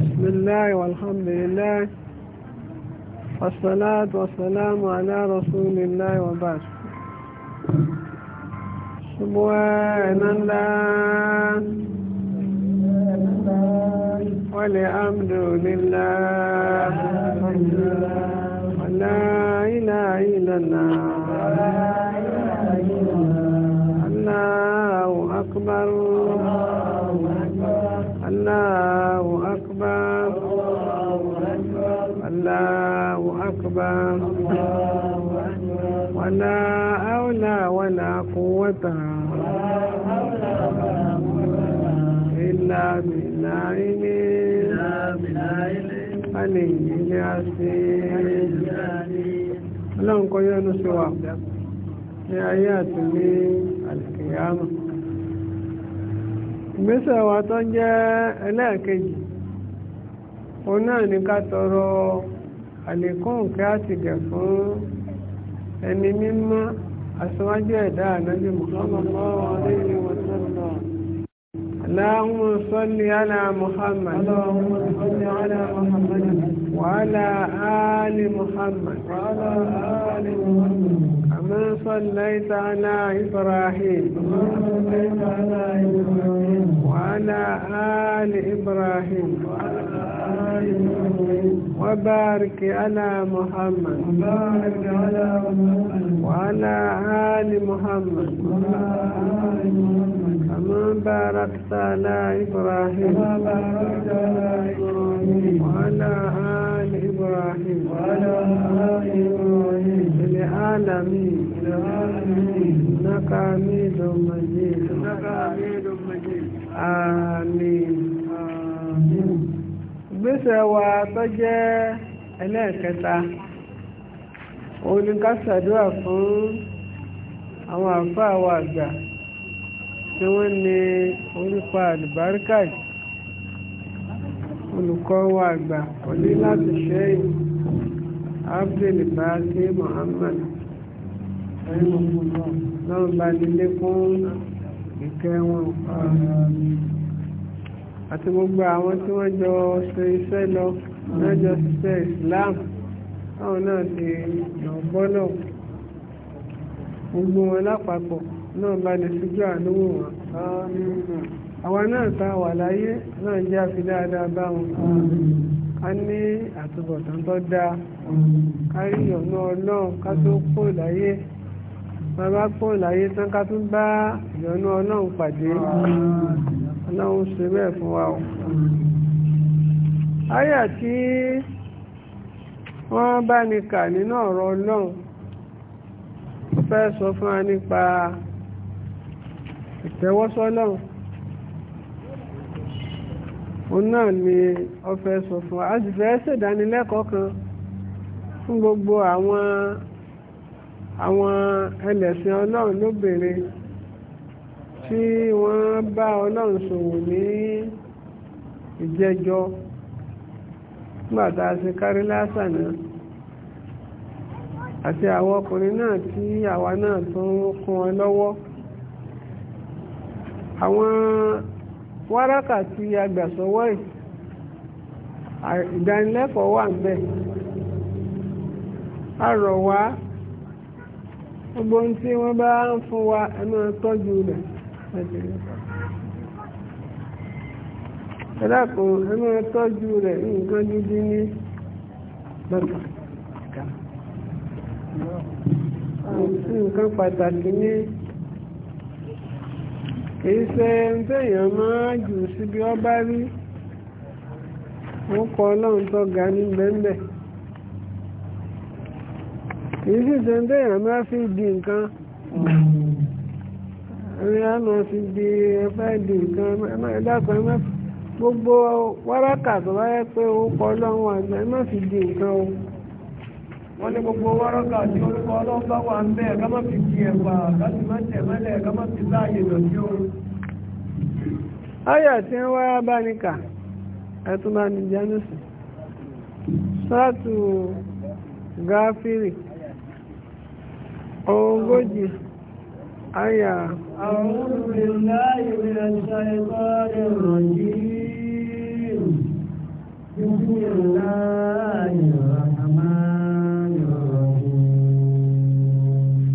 بسم الله والحمد لله والصلاة والسلام على رسول الله وبعد سبحان الله والحمد لله ولا إله إلا الله الله أكبر الله أكبر الله أكبر ولا أولى ولا قوة إلا بالله عليه العظيم ọlọ́run kọ́ yọ́nu sí wa ní ayé àtúnlé alkiyama ìgbésẹ̀ wa tó jẹ́ ẹlẹ́ẹ̀kejì òun náà ní ká tọrọ àlékún kí á ti gẹ̀ fún ẹni mímọ́ aṣáájú ẹ̀dá ànábì Muhammad lọ́wọ́ lẹ́yìn wọn sọ́nà اللهم صل على محمد اللهم صل على محمد وعلى آل محمد وعلى آل محمد كما صليت على إبراهيم وعلى آل إبراهيم وعلى وبارك على محمد وعلى آل محمد كما باركت على إبراهيم وعلى آل إبراهيم في العالمين إنك حميد مجيد آمين آمين ìgbésẹ̀ wa tó jẹ́ ẹlẹ́ẹ̀kẹta òun ni ká ṣàdúrà fún àwọn àfáà wa àgbà tí wọ́n ní orúkọ àlùbáríkà olùkọ́ wa àgbà òní láti abdul basi muhammad lọ́wọ́ bá nílé fún ìkẹ́ wọn. àti gbogbo àwọn tí wọ́n jọ ṣe iṣẹ́ lọ lọ́jọ́ ṣiṣẹ́ Islam táwọn náà ti lọ́gbọ́ náà gbogbo wọn lápapọ̀ náà bá lè ṣojú àlówó wọn àwa náà ta wà láyé náà jẹ́ àfi dáadáa bá wọn ká ní àtúbọ̀tán tó dáa ká rí ọ̀nà ọlọ́run ká tó kó láyé bàbá kó láyé tán ká tún bá ìyọnú ọlọ́run pàdé náà ṣe bẹ́ẹ̀ fún wa o àyà tí wọ́n bá ní kà nínú ọ̀rọ̀ ọlọ́run ó fẹ́ sọ fún wa nípa ìtẹ́wọ́sọ́lọ́run òun náà ni ó fẹ́ sọ fún wa a sì fẹ́ ṣèdánilẹ́kọ̀ọ́ kan fún gbogbo àwọn àwọn ẹlẹ́sìn ọlọ́run lóbìnrin tí wọ́n bá ọlọ́run ṣòwò ní ìjẹjọ́ nígbà tá a kárí lásànà àti àwọn ọkùnrin náà tí àwa náà tún kún ọ lọ́wọ́ àwọn wárákà tí agbàsọwọ́ a gbogbo tí wọ́n bá ń fún wa tọ́jú ẹ̀dàkùn ẹmọ́ tọ́jú rẹ̀ nǹkan gidi ní bàbá nǹkan pàtàkì ní kìí ṣe tẹ́yàn máa jù síbi ọ bá rí wọ́n kọ ọlọ́run tó ga ní bẹ́ẹ̀bẹ̀ kìí sì máa fi di nǹkan ẹ̀rìn àmọ́ fi di ẹ̀fẹ́ nǹkan ẹ̀dàkọ̀ ẹ̀mọ́ gbogbo wárákà tó bá pé ó kọ àgbà fi di nǹkan o. wọ́n ní gbogbo wárákà tí orúkọ ọlọ́run bá wà ń ká fi di ẹ̀fà ká má tẹ̀ fi láàyè ayọ̀ tí ń wáyá bá ní kà bá ní آية أعوذ بالله من الشيطان الرجيم بسم الله الرحمن الرحيم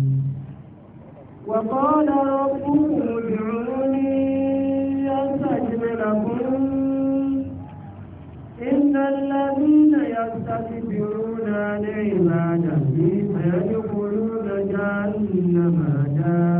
وقال ربكم ادعوني يستجب لكم إن الذين يستكبرون عن عبادتي سيدخلون جهنم دار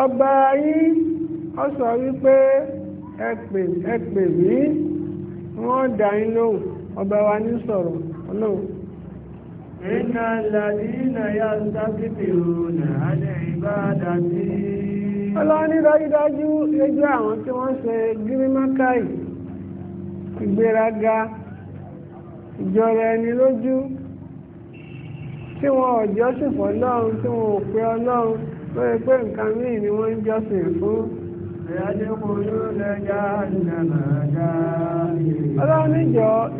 ọba yín ọ sọ wípé ẹ pè ẹ pè mí wọ́n dá yín lóhùn ọba wa ní sọ̀rọ̀ ọlọ́run. iná làdínà ya sábìbìrù náà lè bá dá sí. ọlọ́run ní dájúdájú ẹjọ́ àwọn tí wọ́n ṣe gírímákàì ìgbéraga ìjọra ẹni lójú tí wọn ọjọ́ ṣùfọ́ ọlọ́run tí wọn ò pe ọlọ́run. tó yẹ pé nǹkan míì ni wọ́n ń jọ́sìn fún ọlọ́run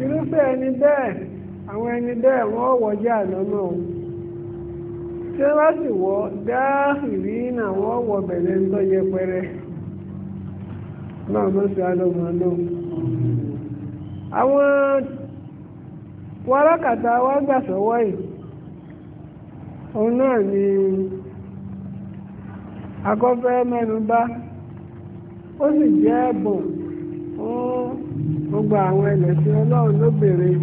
irúfẹ́ ẹni bẹ́ẹ̀ àwọn ẹni bẹ́ẹ̀ wọ́n wọjá lọ́nà tí wọ́n sì wọ́ dáhìrí náà wọ́n wọ bẹ̀rẹ̀ ń tọ́jẹ pẹrẹ náà mọ́ sí alọ́mọ gbà sọ́wọ́ òun náà ni. akọ́fẹ́ mẹ́nu bá ó sì jẹ́ ẹ̀bùn fún gbogbo àwọn ẹlẹ́sìn ọlọ́run lóbìnrin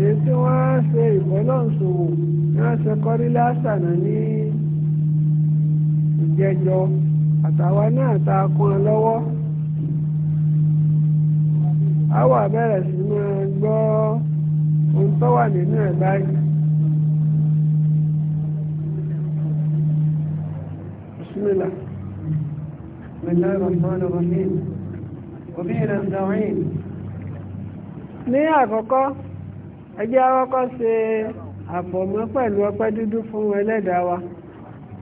èyí tí wọ́n ṣe ìbọ́lọ́sòwò ní wọ́n ṣe kọ́rí lásànà ní ìjẹjọ àtàwa náà ta kún ọ lọ́wọ́ a wà bẹ̀rẹ̀ sí máa gbọ́ ohun tó wà nínú ẹ̀ báyìí. بسم الله بسم الله الرحمن الرحيم وبه نستعين ní àkọ́kọ́ ẹjẹ́ àwọ́kọ́ ṣe àfọ̀mọ́ pẹ̀lú ọpẹ́ dúdú fún ẹlẹ́dàá wa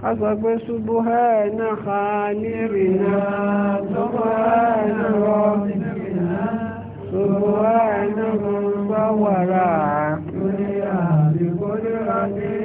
ká sọ pé ṣubú ẹ̀ náà ha ní ìrìnà ṣubú ẹ̀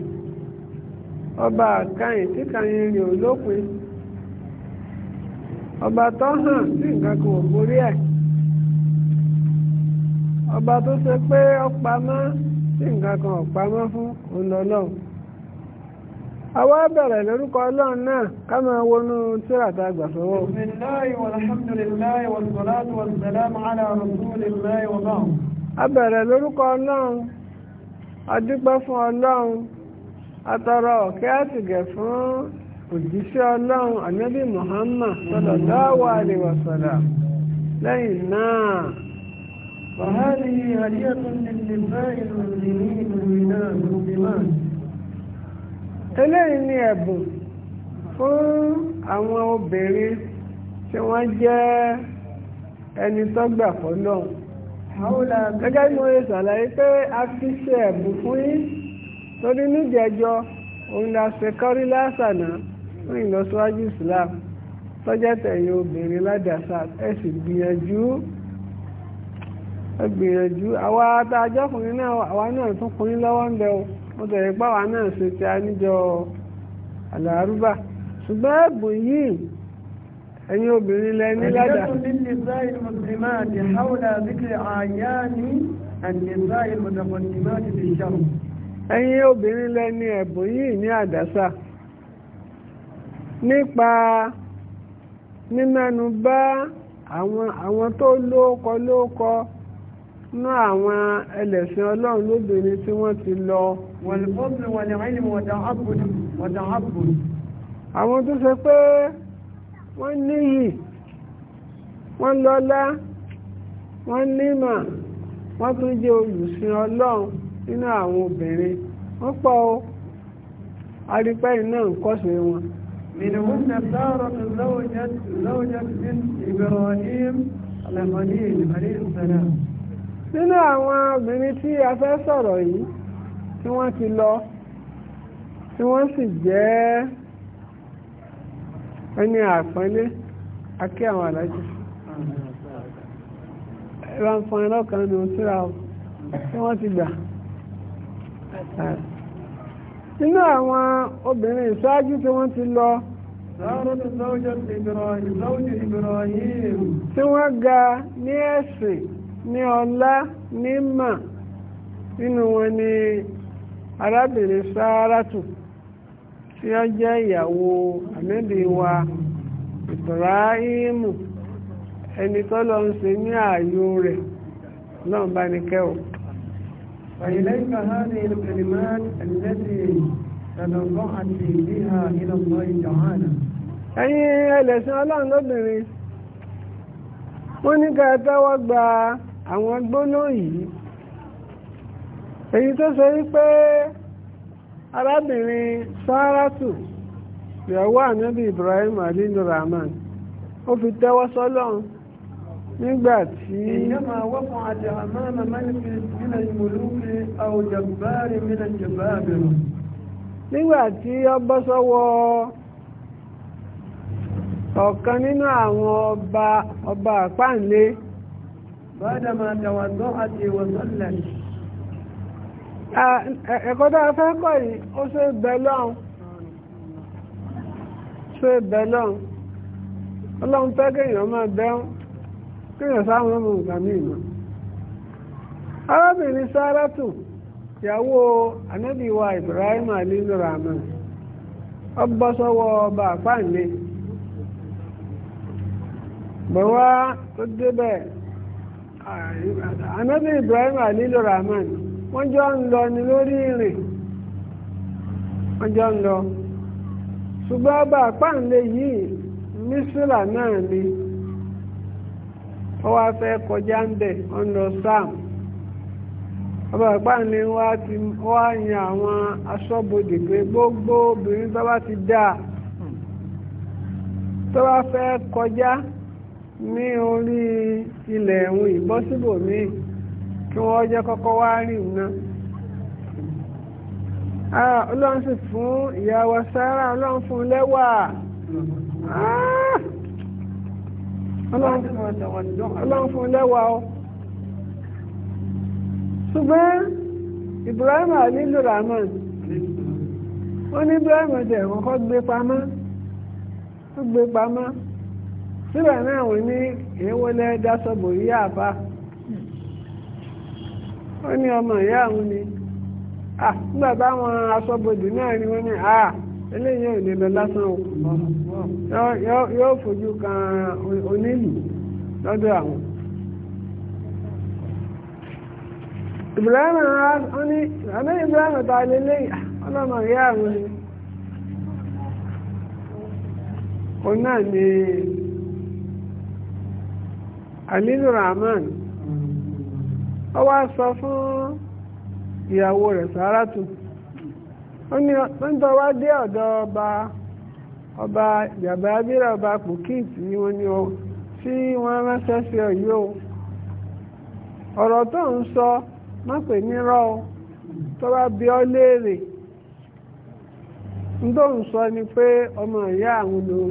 ọba àkáyìn tí kàyìn rìn ò lópin ọba tó hàn sí nǹkan kan ò borí ẹ̀ ọba tó ṣe pé ọpamọ́ sí nǹkan kan ọpamọ́ fún ọlọ́lọ́run àwa bẹ̀rẹ̀ lórúkọ ọlọ́run náà ká máa wọnú tíràtà àgbàsọ́wọ́ bismillahi walhamdulillahi wassalatu wassalamu ala rasulillahi wa ba'd a bẹ̀rẹ̀ lórúkọ ọlọ́run a dúpẹ́ fún ọlọ́run atọrọ ọ̀kẹ́ àtìgẹ̀ fún òjíṣẹ́ ọlọ́run ànábì muhammad sallallahu alaihi wasallam lẹ́yìn náà فهذه ni ẹ̀bùn fún àwọn obìnrin tí wọ́n jẹ́ ẹni tó gbà gẹ́gẹ́ bí wọ́n ṣe pé a fi ṣe ẹ̀bùn fún torí níjẹjọ òun la ṣe kọ́rí lásànà fún ìlọsíwájú Islam tọ́jà tẹ̀yìn obìnrin ládàsá ẹ sì gbìyànjú ẹ gbìyànjú àwa tá a jọ́kùnrin náà àwa náà tún kùnrin lọ́wọ́ ń bẹ mo tẹ̀yẹ pé àwa náà ṣe ti a níjọ ṣùgbọ́n ẹ̀bùn yìí ẹ̀yin obìnrin lẹ ní ládàá. ní nìsá ìmùsùlùmá àti ẹ̀yin obìnrin lẹ́ni ẹ̀bùn yìí ní àdásà nípa mímẹ́nu bá àwọn tó lóókọ lóókọ nú àwọn ẹlẹ́sìn ọlọ́run lóbìnrin tí wọ́n ti lọ. wọ̀lùfọ́bùn wọ̀lẹ̀ wọ́lẹ̀ wọ̀dà ọ̀bùn wọ̀dà ọ̀bùn. àwọn tó ṣe pé wọ́n níyì wọ́n lọ́lá wọ́n nímọ̀ wọ́n tún jẹ́ olùsìn ọlọ́run nínú àwọn obìnrin wọ́n pọ̀ ó arípẹ́ iná ń kọ́sẹ̀ wọn. منهن سارة زوجة زوجة بنت إبراهيم الخليل عليه السلام nínú àwọn obìnrin tí a fẹ́ sọ̀rọ̀ yìí tí wọ́n ti lọ tí wọ́n sì jẹ́ ẹni àpọ́nlé akí àwọn alájì ìwà ń fọn ẹlọ́kan ní òṣìṣẹ́ tí wọ́n ti gbà. nínú àwọn obìnrin ìṣáájú tí wọ́n ti lọ tí wọ́n ga ní ẹ̀sìn ní ọlá ní mà nínú wọn ni arábìnrin sáárátù tí ó jẹ́ ìyàwó ànábì wa Ìbùráhímù ẹni tọ́lọ́ ń ṣe ní ààyò rẹ̀ náà فإليك هذه الكلمات التي تضرعت بها إلى الله تعالى ẹ̀yin ẹlẹ́sìn ọlọ́run lóbìnrin wọ́n ní ká tẹ́wọ́ gba àwọn gbóná yìí èyí tó ṣe wípé arábìnrin sáràtù ìyàwó ànábì Ibrahim alilu rahman ó fi tẹ́wọ́ sọ́lọ́run nígbà tí. èèyàn máa wọ́n fún àti àmọ́ màmá ní fi nínú ìmọ̀lúkì àwòjàgbáre nínú ìjọba àbẹ̀rù. nígbà tí ó bọ́ sọ́wọ́ ọ̀kan nínú àwọn ọba ọba àpáǹlé. bọ́dà máa tàwàdọ́ àti ìwọ̀sọ́lẹ̀. ẹ̀kọ́ tó a fẹ́ kọ́ yìí ó ṣe bẹ́lọ́n ṣe bẹ́lọ́n ọlọ́run fẹ́ kéèyàn máa kéèyàn sáwọn ọmọ nǹkan ní ìmọ̀ arábìnrin sáràtù ìyàwó Ibrahim alilu rahman ọgbọ́ sọ́wọ́ ọba àpáǹlé bọ̀wá tó débẹ̀ Ibrahim alilu rahman wọ́n ń lọ ní lórí ìrìn wọ́n ń lọ ṣùgbọ́n ọba yìí ni. ó wá fẹ́ kọjá ń bẹ̀ ọ̀nà sam ọbàgbà ni wá yan àwọn aṣọ́bodè pé gbogbo obìnrin tó ti dá tó bá kọjá ní orí ilẹ̀ ẹ̀hún ìbọ́síbò kí wọ́n jẹ́ kọ́kọ́ wá rí iná ọlọ́run fún lẹ́wà ọ ṣùgbọ́n Ibrahim alilu rahman ó ní Ibrahim ọ̀dẹ̀ kọ́kọ́ gbé pamọ́ ó gbé pamọ́ síbẹ̀ náà wọ́n ní èèwọ̀ lẹ́ẹ̀dá sọ́bù yíyá àbá ó ní ọmọ ìyá àwọn ni nígbà táwọn aṣọ́bodè náà ni wọ́n ní àà eléyìí ò lè lọ lásán o yóò fojú kan onílù lọ́dọ̀ àwọn. Ibrahim wọn ní àná Ibrahim ta lé léyìí ah, ọlọ́mọ ìyá àwọn ni òun náà ni Alilu Rahman ó wá sọ fún ìyàwó rẹ̀ Sáràtù. ó ní wá dé ọ̀dọ̀ ọba ọba yàbá abíra ọba pòkíìtì ni o tí wọ́n ránṣẹ́ sí ọ̀yọ́ o ọ̀rọ̀ tó ń sọ má nírọ́ o tó wá bi ọ léèrè ń tó ń sọ ni pé ọmọ ìyá àwọn ló o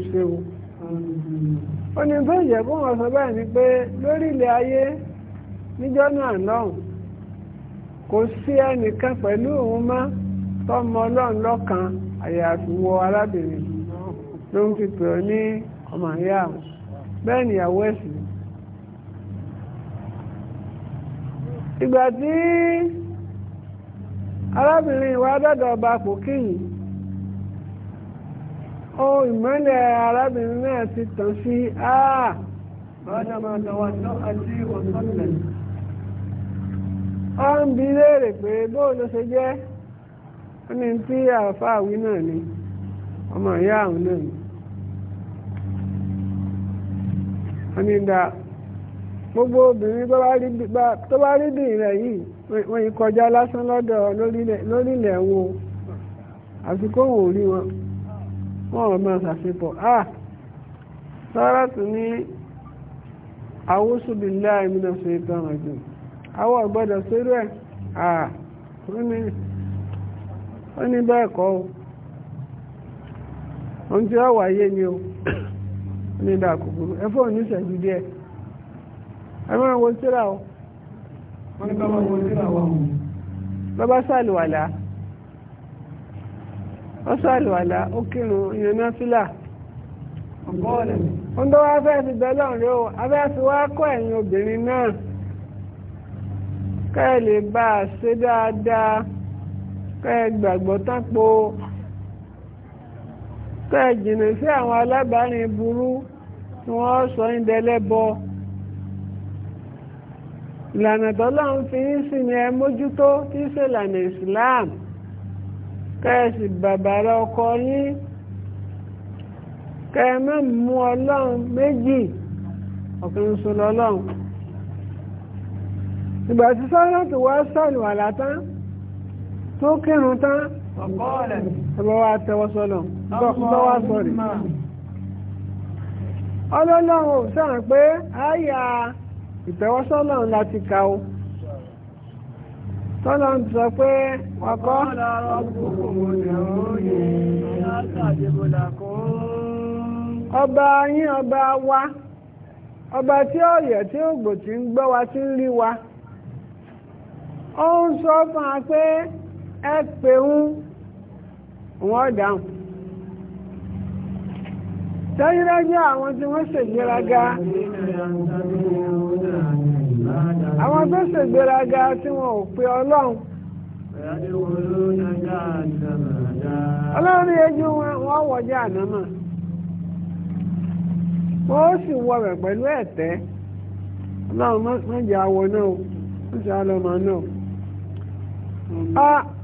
ó ní tó kó wọ́n sọ báyìí ni pé lórílẹ̀ ayé níjọ́ náà kò sí ẹnìkan pẹ̀lú òun tọ́mọ ọlọ́run lọ́kan àyàfiwọ arábìnrin ló ń fi pè ọ ní ọmọ ìyá àwọn bẹ́ẹ̀ nìyàwó ẹ̀sìn ìgbà tí arábìnrin ìwà dọ́dọ̀ ọba kò kíyìn ohun ìmọ́lẹ̀ arábìnrin náà ti tàn sí àà ọ̀nà máa lọ́wọ́ lọ́wọ́ sí ọ̀sán lẹ́yìn. ó ń bi léèrè pé bóòlù ṣe jẹ́ ó ní tí àáfàá wí náà ni ọmọ ìyá àwọn náà ni wọ́n ní da gbogbo obìnrin tó bá rí bìí rẹ̀ yìí wọ́n yìí kọjá lásán lọ́dọ̀ lórílẹ̀ wo àsìkò wò rí wọn wọ́n wọ́n máa ṣàṣepọ̀ ah sọ́rọ́ tún ní àwúsù billahi minash shaitanir rajim àwọn ọ̀gbọ́dọ̀ sórí ẹ̀ ah wọ́n ní ó ní bẹ́ẹ̀ kọ́ o ohun tí ó wáyé ni ó ní dáa kúkúrú ẹ fóònù ìṣẹ́jú díẹ̀ ẹ wo síra o wọ́n ní ó sàlùwàlà ó kírun ìrìnà fílà ó tó wá fẹ́ fi bẹ́ẹ̀ rí o abẹ́ fi wá kọ́ ẹ̀yìn obìnrin náà ká lè bá a ṣe dáadáa kẹ́ gbàgbọ́ tápò kẹ́ jìnnà sí àwọn alábàárin burú tí wọ́n sọ ń dẹlẹ́bọ ìlànà tọ́lọ́run fi ń sìn ní ẹ tí ṣe ìlànà Islam kẹ́ẹ̀sì bàbàrà ọkọ yín kẹ́ẹ̀mẹ́ mú ọlọ́run méjì ọ̀kan ṣoṣo lọ́lọ́run ìgbà tí sọ́rọ́ tó wá sọ̀lù àlátán tó kírun tán ọ̀bọ̀ wa tẹwọ́ sọ́lọ̀ ọlọ́lọ́run sọ̀rọ̀ pé àyà ìtẹ́wọ́sọ́lọ̀ láti ka o tọ́lọ̀ ń sọ pé ọkọ́ ọba yín ọba wa ọba tí ó yẹ̀ tí ó gbò tí ń gbọ́ wa tí ń rí wa ó ń sọ fún wa pé ẹ wọ́n dáhùn àwọn tí wọ́n ṣègbéraga àwọn tó tí wọ́n ò pe ọlọ́run ọlọ́run ejú wọ́n ànámà wọ́n ó sì wọ rẹ̀ pẹ̀lú ẹ̀tẹ́ ọlọ́run mọ́jà àwọ̀ náà ó sì á lọ́mọ náà.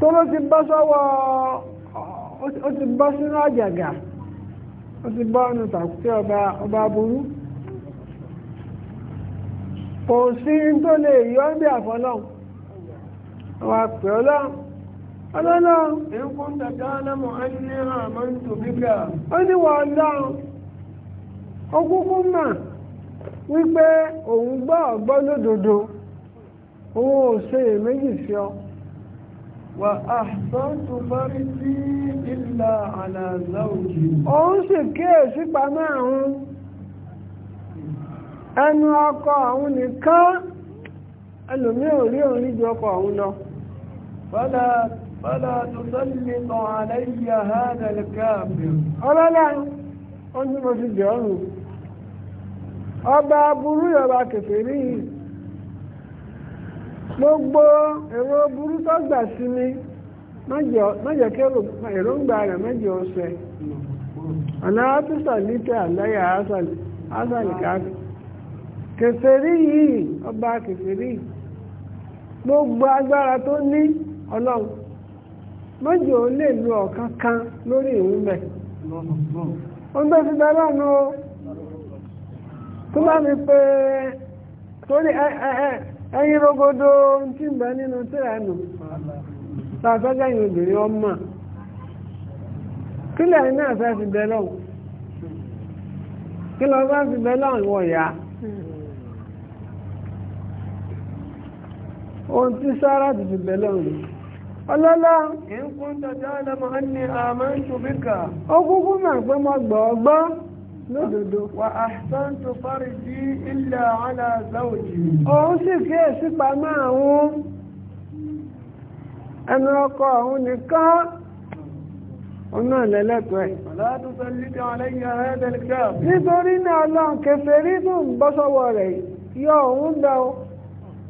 tó ló ti bọ́ sọ́wọ́ ó ti bọ́ sínú àjàgà ó ti bọ́ ọ̀nà tàkùtì ọba burú kò sí tó lè yọ ọ́ bí àfọlọ́hùn wà pẹ̀ ọlọ́run ọlọ́run ẹkùn tàbí alámọ̀ ánìyàn àmọ́ ń tò bíbíà ó ní wà ọlọ́run ọkùnkùn mà wípé òun gbọ́ ọ̀gbọ́ lódodo òun ò ṣe èméjì sí ọ وأحصنت فرسي إلا على زوجي òun sì kíyèsí pamọ́ àwọn ẹnu ọkọ àwọn nìkan ẹlòmí ò rí orin ju àwọn lọ فلا فلا تسلط علي هذا الكافر ọlọ́lá ó ní mo ti jẹ́ ọ̀rùn ọba gbogbo ẹ̀rọ burú tó gbà sí mi mọ́jọ rẹ̀ ọ̀sẹ̀ ọ̀nà ápùsọ̀ lítẹ̀ àlẹ́yà ásàlìkáàkì yìí ọba kèfèrí gbogbo agbára tó ní ọlọ́run mọ́jọ lè lo ọ̀kan kan lórí ìhun ń bẹ́ o tó torí ẹ̀yìn rogodo tí ń bẹ nínú tíra nù tàbẹ́gẹ̀yìn obìnrin ọmọ kílẹ̀ náà fẹ́ fi bẹ lọ́wọ́ kí lọ bá fi bẹ lọ́wọ́ ìyá ohun tí sára ti fi bẹ lọ́wọ́ ni ọlọ́lá ọlọ́mọ ẹni àmọ́ ìṣòbíkà lódodo wà àṣán tó fárí sí ilẹ̀ aláàzáòjì òun sì fi èsì pamọ́ àwọn ẹnu ọkọ òun nìkan òun náà lẹ́lẹ́tọ̀ọ́ ẹ̀ nítorí náà lọ́n kèfèrí tó ń bọ́ sọ́wọ́ rẹ̀ yọ òun dá o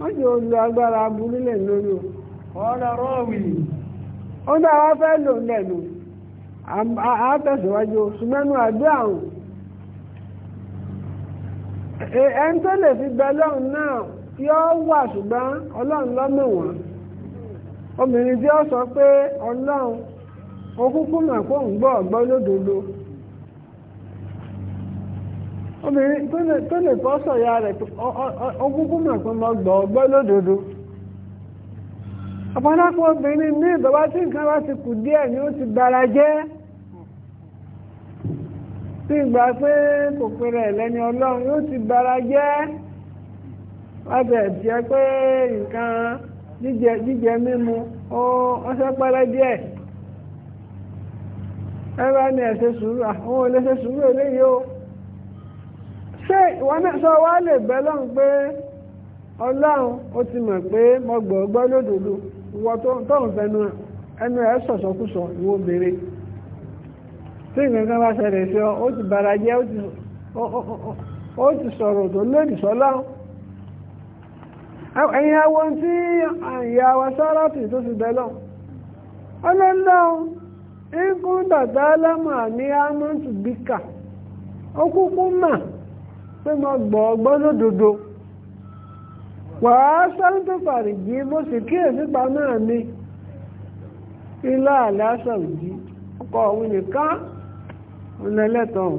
wọ́n jẹ́ olú agbára aburúlẹ̀ lórí o ọ̀rọ̀ rọ́ọ̀wì ó dá wá fẹ́ lò lẹ́nu àátẹ̀síwájú ṣùgbọ́n àdúrà òun ẹn tó lè fi bẹ lọ́run náà yóò wà ṣùgbọ́n ọlọ́run lọ́mọ wọn obìnrin tí ó sọ pé ọlọ́run okúkú mà kó ń gbọ́ ọ̀gbọ́ lódodo obìnrin tó lè kọ́ sọ̀yà rẹ̀ okúkú mà kó mọ gbọ́ lódodo ọ̀pọ̀lọpọ̀ obìnrin ní ìbọ̀wá tí nǹkan bá ti kù díẹ̀ ni ó ti bara jẹ́ tí ìgbà pé kò pèrè lẹ́ni ọlọ́run yóò ti bara jẹ́ ọbẹ̀ jẹ́ pé nǹkan jíjẹ mímu ó ọṣẹ́ pẹ́rẹ́ díẹ̀ ẹ bá ní ẹ̀ṣẹ̀ sùúrù àwọn olóṣè sùúrù eléyìí o ṣé ìwọ náà sọ wá lè bẹ́ lọ́run pé ọlọ́run ó ti mọ̀ pé mo gbọ́ gbọ́ lódodo ìwọ tó ń fẹnu ẹnu ẹ̀ sọ̀sọ̀kúsọ ìwọ béèrè. tí nǹkan bá ṣẹlẹ̀ o ọ ó ti bàrà jẹ́ ó ti sọ̀rọ̀ tó lòdì sọ́lá ẹ̀yìn àwọn tí ìyá wa o. tì tó ti bẹ̀ lọ ọlọ́lọ́ ikún tàtà lámà ní mà pé mo gbọ́ ọgbọ́n lódodo wàá sáré tó fàrìjì mo sì kíyèsí pa náà mi ilá àlásà òjì ọ̀nà ẹlẹ́tọ̀ọ́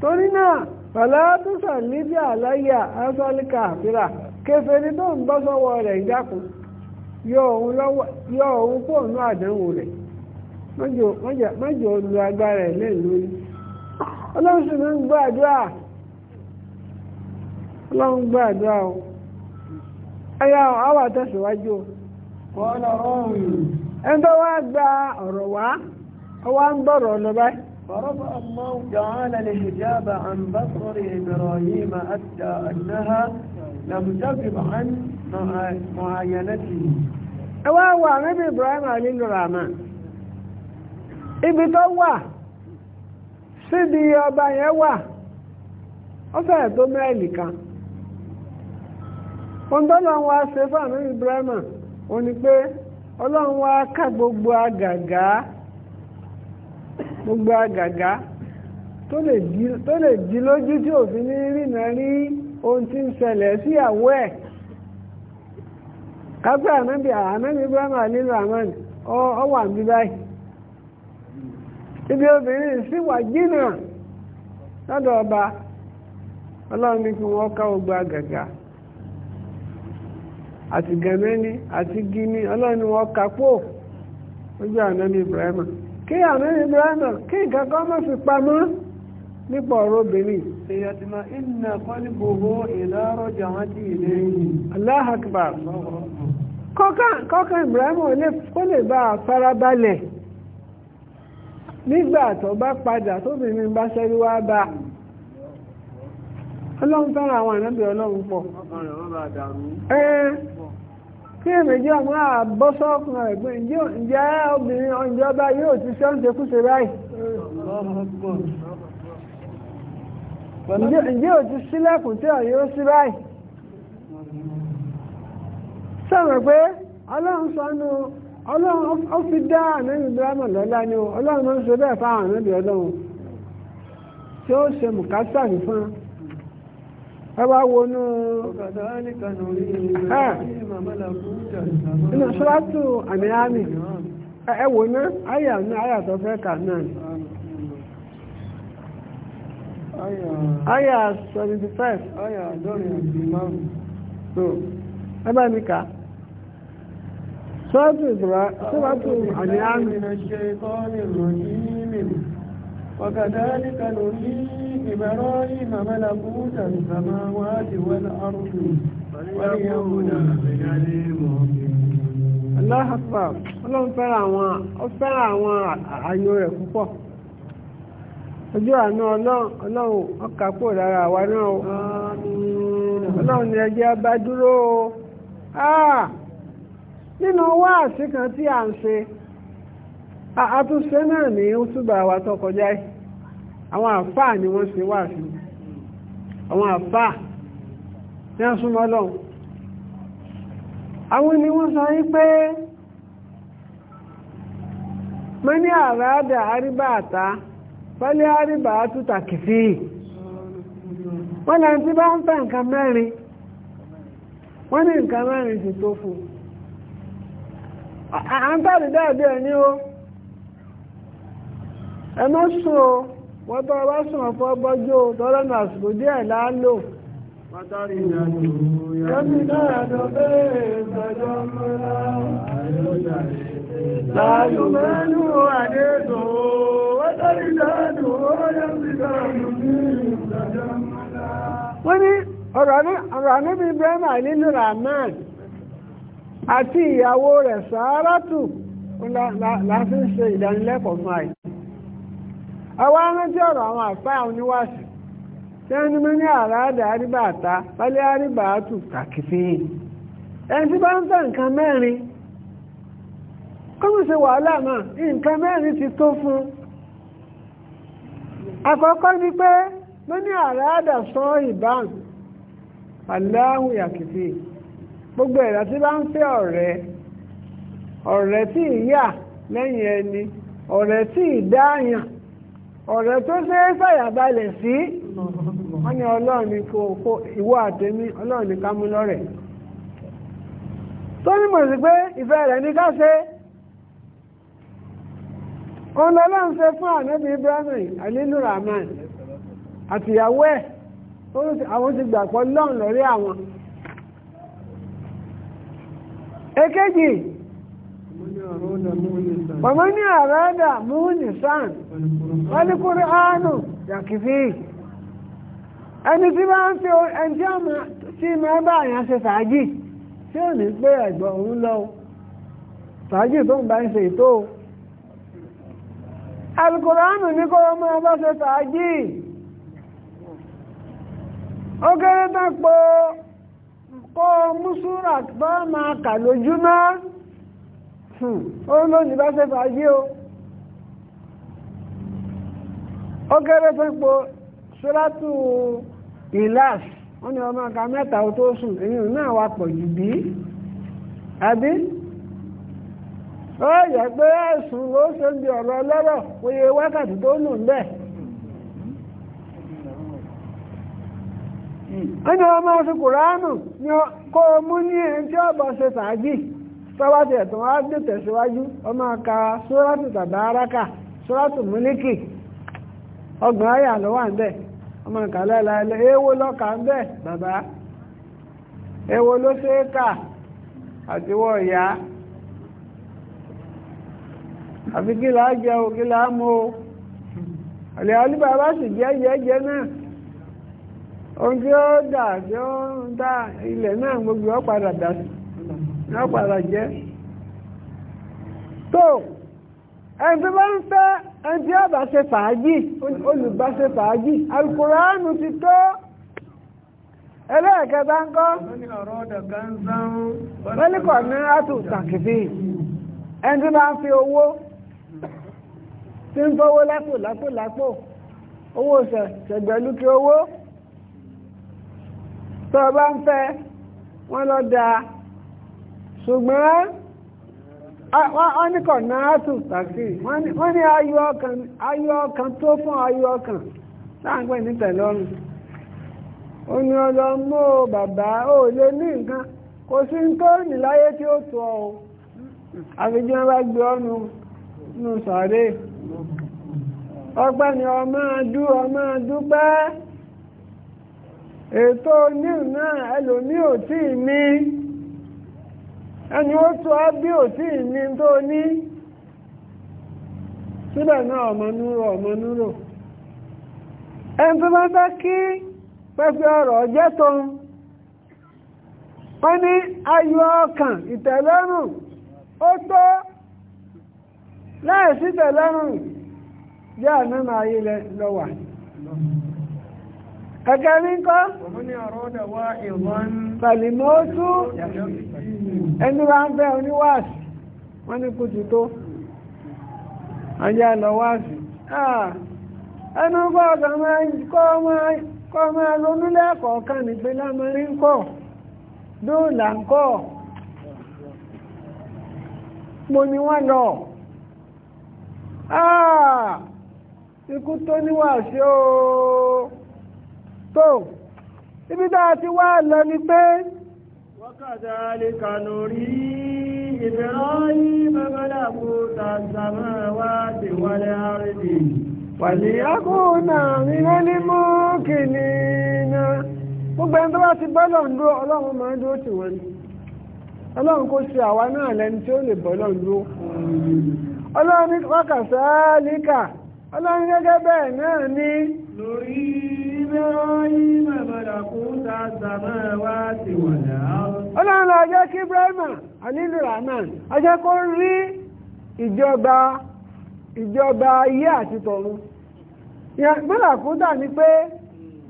torí náà pàlá tó sà níbi àláyà asálíkà àfíra kèfèrí tó ń bọ́ sọ́wọ́ rẹ̀ yọ òun kó òun àdánwò rẹ̀ mọ́jọ lu agbára ẹ̀ lẹ́yìn lórí ọlọ́run sì ń gbàdúrà ọlọ́run gbàdúrà o ẹ̀yà àwà tẹ̀síwájú o ẹni tó wá gba ọ̀rọ̀ wá ń bọ̀rọ̀ lọ فرفع الله تعالى الحجاب عن بصر إبراهيم أدى أنها لم تغب عن معاينته أواهو نبي إبراهيم عليه الرحمن ibi tó wà síbi ọba yẹn wà ó fẹ́ẹ̀ tó mẹ́ẹ̀lì kan ohun wa. ọlọ́run wá ká gbogbo gbogbo àgàgà tó lè jí lójú tí òfin ní rìnà rí ohun tí ń ṣẹlẹ̀ sí ẹ̀ kápẹ́ ànábì ànábì ibrahim alil rahman ọ wà ń bí báyìí ibi obìnrin sì wà jìnnà lọ́dọ̀ ọba ọlọ́run ní kí wọ́n ká gbogbo àgàgà àti gẹ̀mẹ́ni àti gíní ọlọ́run wọ́n kí àmì ibrahim kí nǹkan kan mọ́ fi pamọ́ nípa ọ̀rọ̀ obìnrin. ìyàtìmá iná kọ́lìbòho lè bá farabalẹ̀ nígbà tó bá padà tóbìnrin bá ṣẹ́rí wá bá ọlọ́run fẹ́ràn àwọn ìrìnàbí ọlọ́run pọ̀. kí èmìjọ́ máa bọ́ sọ́kùn ẹ̀gbẹ́ ǹjẹ́ obìnrin ọjọ́ba yóò ti kúṣe báyìí ti sílẹ̀kùn tí ọ̀yẹ́ ó sí báyìí sọ̀rọ̀ pé ọlọ́run sọ́nú ọlọ́run ó fi dá àmẹ́rin ẹwà wọnú inú ṣọ́látù àmì àmì ẹwọ náà àyà náà àyà tó fẹ́ kà náà àyà 75 àyà àdọ́rin àti márùn-ún ẹbá mi kà ṣọ́látù àmì àmì وكذلك نري إبراهيم ملكوت السماوات والأرض وليكون من المؤمنين Allahu Akbar ọlọ́run fẹ́ràn àwọn ó fẹ́ràn àwọn àyò rẹ̀ púpọ̀ ojú àánú ọlọ́run ọkà pò lára àwa náà o ọlọ́run ni ẹjẹ́ bá dúró o nínú wáàsí kan tí à ń ṣe àtúnṣe náà ní ó túbà wa tó yìí àwọn àfáà ni wọ́n se wà fi àwọn àfáà tí súnmọ́ àwọn ni wọ́n sọ pé mọ́ ní àrádà àríbà àtà pẹ́lẹ́ àríbà àtútà kìfì wọ́n lẹ́n tí bá ń fẹ́ nǹkan mẹ́rin wọ́n ní nǹkan mẹ́rin sì tó fún à ń ẹni wọ́n tọ́ wá sùn ọ̀fọ́ gbọ́jú tọ́lọ́ náà àsìkò díẹ̀ láálò Pátárì ìyàjú yàmì náà lọ bẹ́ẹ̀ sọ́jọ́ mọ́lá àìlójàre. Láàlú Wọ́n ní ọ̀rọ̀ níbi Ibrahim Alilu Rahman àti ìyàwó rẹ̀ Sàárátù láti ń ṣe ìdánilẹ́kọ̀ọ́ fún àwọn arántí ọ̀rọ̀ àwọn àfá oníwàsì tí ẹni mú ní àràádà àríbà àta pálí àríbà àtù ẹni tí bá ń tẹ nǹkan mẹ́rin kọ́mù sí wàhálà náà nǹkan mẹ́rin ti tó fún àkọ́kọ́ ni pé mú ní sọ ìbáàn aláhùn gbogbo tí bá ń fẹ́ ọ̀rẹ́ ọ̀rẹ́ tí ìyà lẹ́yìn ẹni ọ̀rẹ́ tí ìdáyàn ọ̀rẹ́ tó ṣe é fàyàbalẹ̀ sí wọ́n ní ọlọ́run ní kò kó ìwọ àtẹ́mí ọlọ́run ní ká mú lọ́rẹ̀ tó nímọ̀ sí pé ìfẹ́ rẹ̀ ní ká ṣe òun lọ́lọ́run ṣe fún ànábì Ibrahim alilu Rahman àtìyàwó ẹ̀ àwọn ti gbàgbọ́ lọ́run lórí àwọn èkejì Bàbá ní àrádà múnisán, wálíkúrí ánù yàkìfí. Ẹni tí bá ń fi ẹni tí máa bá àyàn ṣe fàájì, tí ò ní pé ẹ̀gbọ́n òun lọ, fàájì tó ń bá ń ṣe ètò. Alkùránù ní kó ọmọ ọba ṣe fàájì. Ó kéré tán pọ̀ kó mú bá máa kà lójúmọ́. O hmm. lónìí bá ṣe o kere kéré tó ipò ṣúlátù ìlàs wọ́n ní ọmọ ọ̀gá mẹ́ta ó tó sùn èyí náà wà pọ̀ jù bí àbí ó yẹ pé ẹ̀sùn ló oye wákàtí tó nù ń bẹ̀ hmm. ó ní ọmọ ọsùn kùránù ni o mú ní ẹni tí ọ̀bọ̀ ṣe tọ́wá tiẹ̀ tó wá dé tẹ̀síwájú ó ka sóràtù tàbáraka sóràtù múlíkì ọgbọ̀n ayà wà ń bẹ̀ ó máa kà láìláìlẹ̀ lọ́kà ń bẹ̀ bàbá èwo ló ṣe é kà ìyá àfi kí là á jẹ o kí là á mú o àlè alúbàbá sì jẹ́ ọ náà padà jẹ́ tó ẹni tó bá ń fẹ́ ẹni tí ó bá ṣe fàájì olùbá ṣe fàájì alukùránù ti tó ẹlẹ́ẹ̀kẹta ń kọ́ mẹ́líkọ̀ ní átù tàkìfì ẹni tí bá ń fi owó tí ń fowó lápò lápò lápò owó ṣẹ̀gbẹ̀lú kí owó tó bá ń fẹ́ wọ́n lọ dáa ṣùgbọ́n wọ́n ní kọ̀ náà tù tàkì wọ́n ní ọkàn tó fún ayu ọkàn láàpẹ́ ní tẹ̀lọ́rùn ó ní ọlọ́mọ bàbá ó lè ní nǹkan kò sí ń tó ní láyé tí ó tó ọ àfijọ́ bá gbé nù sàárè. ọgbẹ́ ọmọ adú ọmọ ètò náà ẹlòmí ẹni ó tó á bí ò tí tó ní síbẹ̀ náà ọmọ núrò ọmọ núrò tó bá fẹ́ kí pẹ́pẹ́ ọ̀rọ̀ jẹ́ tó ń wọ́n ní ọkàn ó tó láìsí jẹ́ àmẹ́mà lọ́wà ẹni bá ń fẹ́ oníwáàsì wọ́n ní kùtù tó ọjà lọ wáàsì ah, ẹnu bọ́ kọ́ máa lónú lẹ́ẹ̀kọ̀ọ́ kan nípe lámọ́rí ń kọ́ dóòlà ń kọ́ mo ni wọ́n lọ ah, ikú tó níwáàsì ooo tó ibi dáa ti wá lọ ni pé وكذلك نري إبراهيم ملكوت السماوات والأرض وليكون من الموقنين gbogbo ẹni tó bá ti bọ́ lọ́n dúró ọlọ́run máa dúró tì wọ́n ni ọlọ́run kò ṣe àwa náà lẹ́ni tí ó lè bọ́ lọ́n dúró ọlọ́run wákàtí líkà ọlọ́run gẹ́gẹ́ bẹ́ẹ̀ náà ní ọlọ́run lọ jẹ́ kí Ibrahima alilu rahman ọjọ́ kó rí ìjọba ìjọba ayé àti tọ̀run mọ́làkúndà ni pé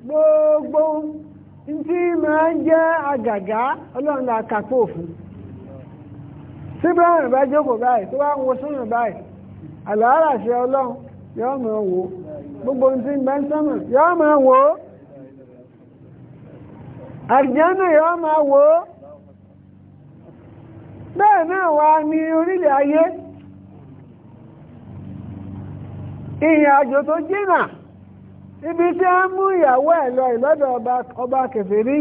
gbogbo tí máa ń jẹ́ àgàgá ọlọ́run la kàpọ̀ òfin tí Ibrahima bá báyìí tó wá báyìí, àlọ́ ọlọ́run yọ́ mọ̀ gbogbo tí ń bẹ ń sánmà yóò máa wò ó àrìjánà yóò máa wò ó bẹ́ẹ̀ náà wà ní orílẹ̀ ayé ìyìn àjò tó jìnà ibi tí a mú ìyàwó ẹ̀ ìlọ́dọ̀ ọba kèfèrí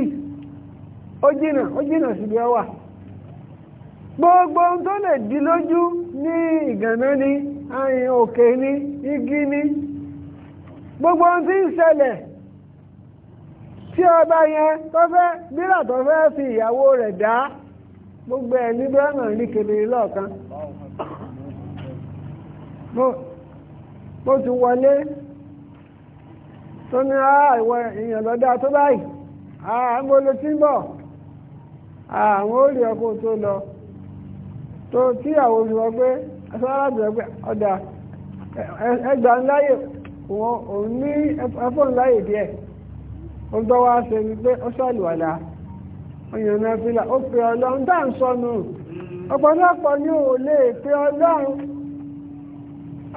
ó jìnà ó jìnà síbi ọwà gbogbo tó lè di lójú ní ìgànná ni àyìn òkè ni igi ni gbogbo ohun tí ń ṣẹlẹ̀ tí ọba yẹn tó fẹ́ bírà tó fẹ́ fi ìyàwó rẹ̀ dá gbogbo ẹ̀ ní bírànà ní kedere lọ́ọ̀kan mo ti wọlé tó ní àìwọ èèyàn lọ́dá tó báyìí àmọ́ ló ti ń bọ̀ àwọn olè ọkọ̀ tó lọ tó tíyàwó olùwọ́ pé aṣọ arábìnrin pé ọ̀dà ẹgbàá ńláyè wọn òun ní ẹfọn láyè díẹ̀ ó gbọ́ wá ṣe ni pé ó ṣàlùwàlà ọyàn náà fìlà ó pe ọlọ́run dá ń sọnù ọ̀pọ̀lọpọ̀ ni ò lè pe ọlọ́run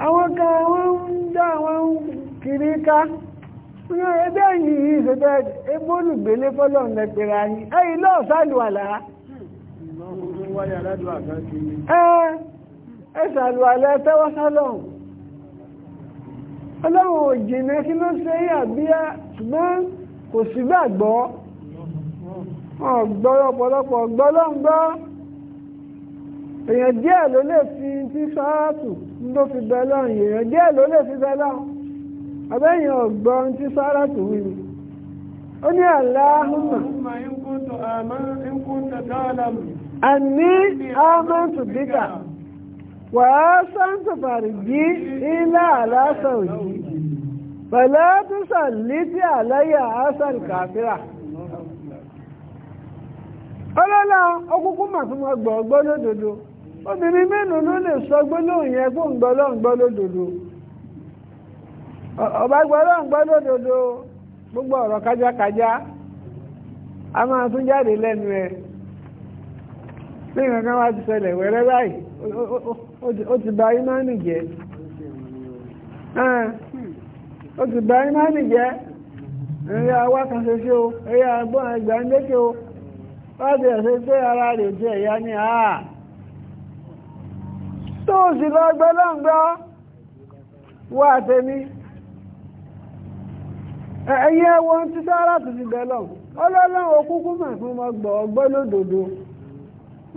àwọn kan wọ́n ń dá wọn kiri ká wọ́n ẹgbẹ́ yìí ìṣẹ̀bẹ̀ ebólùgbélé fọ́lọ́run lẹ́pẹ̀rẹ̀ ayé ẹ̀yìn lọ́ọ̀ ṣàlùwàlà ẹ ṣàlùwàlà tẹ́wọ́ sálọ̀hún ọlọ́run ò jìnà sí ló ṣe é àbíyá ṣùgbọ́n kò sí gbàgbọ́ ọ̀gbọ́rọ̀ ọ̀pọ̀lọpọ̀ ọ̀gbọ́lọ́ngbọ́ èèyàn díẹ̀ ló lè fi tí sáàtù ló fi bẹ lọ́run èèyàn díẹ̀ ló lè fi bẹ lọ́run abẹ́yìn ọ̀gbọ́ tí sáàtù وآسنت ntụparị إلى على ala فلا تسلط علي tụsọ كافرة ọlọ́lá ọkùnkùn mà fún ọgbọ́ lódodo obìnrin mélòó ló lè sọ gbólóhùn yẹn fún gbọ́lọ́ǹgbọ́ lódodo ọba gbọ́lọ́ǹgbọ́ lódodo gbogbo ọ̀rọ̀ kájákájá a máa tún jáde lẹ́nu ẹ̀ ní ìrànkan wá ti ṣẹlẹ̀ wẹ́rẹ́ báyìí ó ti bà ìmánì jẹ́ ó ti bà ìmánì jẹ́ ẹ̀yà wá kan ṣe ṣe o ẹ̀yà agbọ́n ẹgbà ń lékè o láti ẹ̀ṣẹ́ pé ara rẹ̀ jẹ́ ẹ̀yà ni àà tó sì lọ gbẹ́ lọ́ngbọ́ wà tẹ́mi ẹ̀yẹ wọn ti sára tó ti bẹ̀ lọ ọlọ́lọ́wọ́ kúkú mà fún ọgbọ̀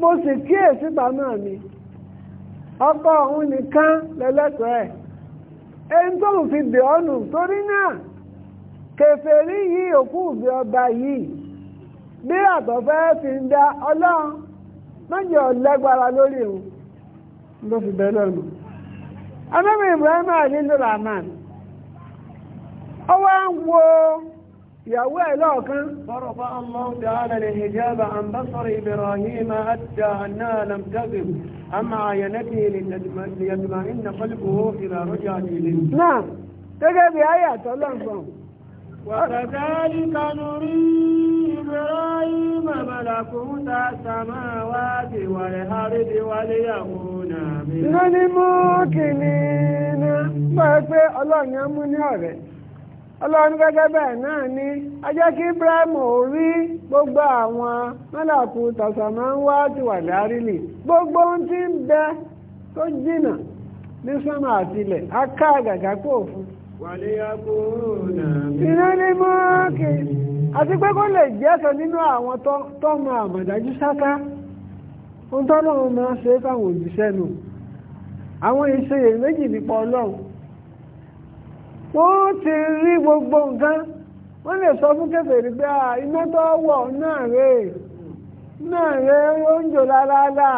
mo sì kíyèsí gbà náà ni ọkọ òun nìkan lẹ́lẹ́tọ̀ọ́ ẹ̀ ẹni tó ń fi bẹ̀ ọ́nù torí náà yìí òkú ọba yìí bí àtọ̀fẹ́ fi ń dá ọlọ́run mọ́jọ lori lórí òun ló fi bẹ̀ lọ́nu ọlọ́run Ibrahim alilu rahman ó ń wo ìyàwó ẹ̀ lọ́ọ̀kan. Bọ́rọ̀bá Allah ta'ala lè hijaba an basar Ibrahim àtà náà lamtagbe, a máa yànàtì lèyàtìmá iná falko ìlà rọ́jà nílé. Náà, gẹ́gẹ́ bí ayé àtọ́lọ́gbọ̀n. وكذلك نري إبراهيم ملكوت السماوات والأرض وليكون من الموقنين. Wọ́n pẹ́ ọlọ́run á mú ní ọ̀rẹ́ ọlọ́run gẹ́gẹ́ bẹ́ẹ̀ náà ni a jẹ́ kí ibrahimu rí gbogbo àwọn mọ́làkù tàṣàmáwá ti wà lárílì gbogbo ohun tí ń bẹ tó jìnà ní sánmà àtìlẹ̀ aká àgàgà kó òfin. iná ní mọ́ọ̀kì àti pé kó lè jẹ́sọ nínú àwọn tọ́mọ àmọ̀dájú sáká ohun tọ́lọ́run máa ṣe fáwọn òjíṣẹ́ nù àwọn ìṣe èméjì nípa ọlọ́run wọ́n ti rí gbogbo nǹkan wọ́n lè sọ fún kèfèrí pé iná tó wọ̀ náà rè náà rè oúnjẹ lálálà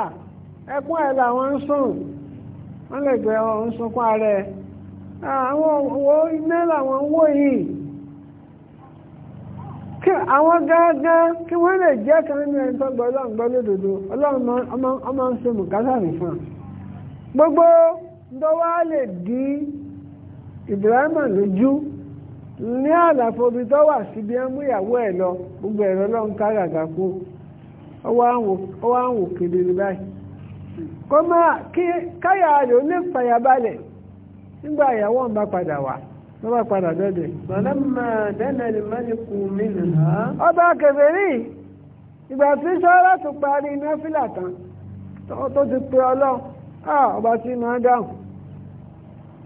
ẹkún ẹ̀ làwọn ń sùn wọ́n lè gbé ọ ń sunkún ààrẹ àwọn owó iná làwọn ń wò yìí kí àwọn gángan kí wọ́n lè jẹ́ kan ní ẹni tó gbọ́ ọlọ́run gbọ́ lódodo gbogbo Ibrahima lójú ní àlàfo ibi tó síbi ẹ ìyàwó ẹ lọ gbogbo ẹ̀rọ lọ́n káràgà kú ọwọ́ àwọn òkèlè ní báyìí kọ́ máa kí káyà rẹ̀ ó lè fàyàbalẹ̀ nígbà ìyàwó ń bá padà wá ló bá padà dọ́dẹ̀. bàlámà dánàlì ọba kẹfẹ́rì ìgbà tí sọ́ọ́rọ́ tó parí tán tó ti pe ọlọ́run ah, ọba tí máa dáhùn.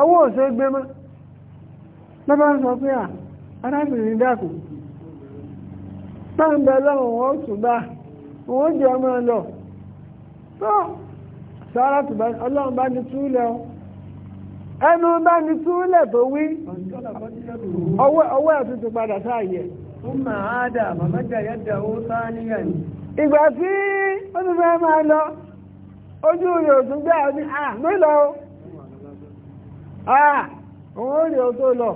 ọwọ́ ọ̀sẹ̀ gbé mọ́ lọ́bá ń sọ pé à arábìnrin dákù lọ́wọ́ wọ́n wọ́n jẹ́ ọmọ lọ tó sára ọlọ́run bá ní túlẹ̀ ọ ẹnu bá ní túlẹ̀ tó wí ọwọ́ ẹ̀tún ti padà sáàyẹ ìgbà tí ó fẹ́ máa lọ ojú rẹ̀ òtún gbẹ́ à àwọn orí o lọ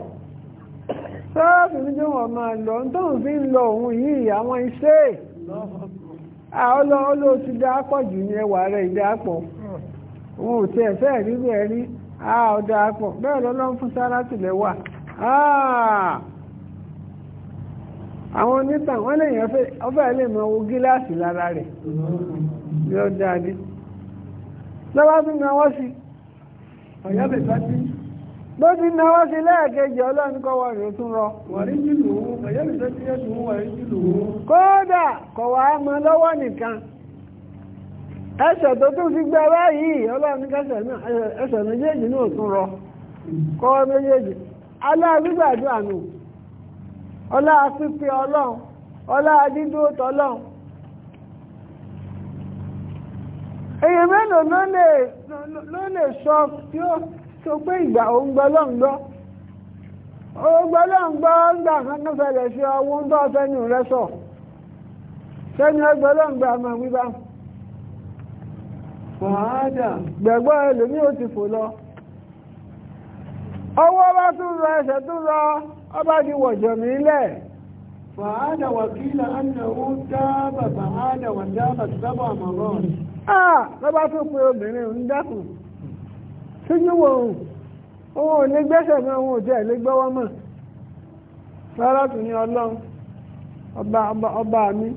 sọ́ọ̀fì ní jọmọ̀ máa lọ tó ń fi ń lọ òun yìí àwọn iṣẹ́ ọlọ́ ti dápọ̀ jù ní ẹwà rẹ̀ ìdápọ̀ òun ò tí ẹ̀fẹ́ rí rẹ̀ rí ọdápọ̀ bẹ́ẹ̀ lọ́lọ́ fún sára wà. àwọn onítàn wọ́n lèyàn ọfẹ́ lè mọ owó gíláàsì lára rẹ̀ yóò lọ́wọ́ tún sí bó ti na wá sí lẹ́ẹ̀kejì ọlọ́run kọ́ wọ́n tún rọ. kódà mọ lọ́wọ́ nìkan ẹsẹ̀ tó tún fi gbẹ báyìí ọlọ́run kẹsẹ̀ náà ẹsẹ̀ méjèèjì náà tún rọ méjèèjì ọlá ọlọ́run ọlá lè sọ tí ó tó pé ìgbà òun gbọ́ gbọ́ òun gbọ́ gbọ́ ńgbà kan fẹlẹ̀ sí ọwọ́ ń bọ́ rẹ sọ sẹ́ni gbà máa wí bá fàádà gbẹ̀gbọ́ ò ti fò lọ ọwọ́ bá tún lọ ẹsẹ̀ tún lọ ọba di wọ̀jọ̀ nílẹ̀ fàádà fàádà wà tó yíwọ̀ òun òun ò ní gbẹ́sẹ̀ náà òun ò jẹ́ lè gbọ́wọ́ mọ̀ sáràtù ní ọlọ́run ọba ọba mi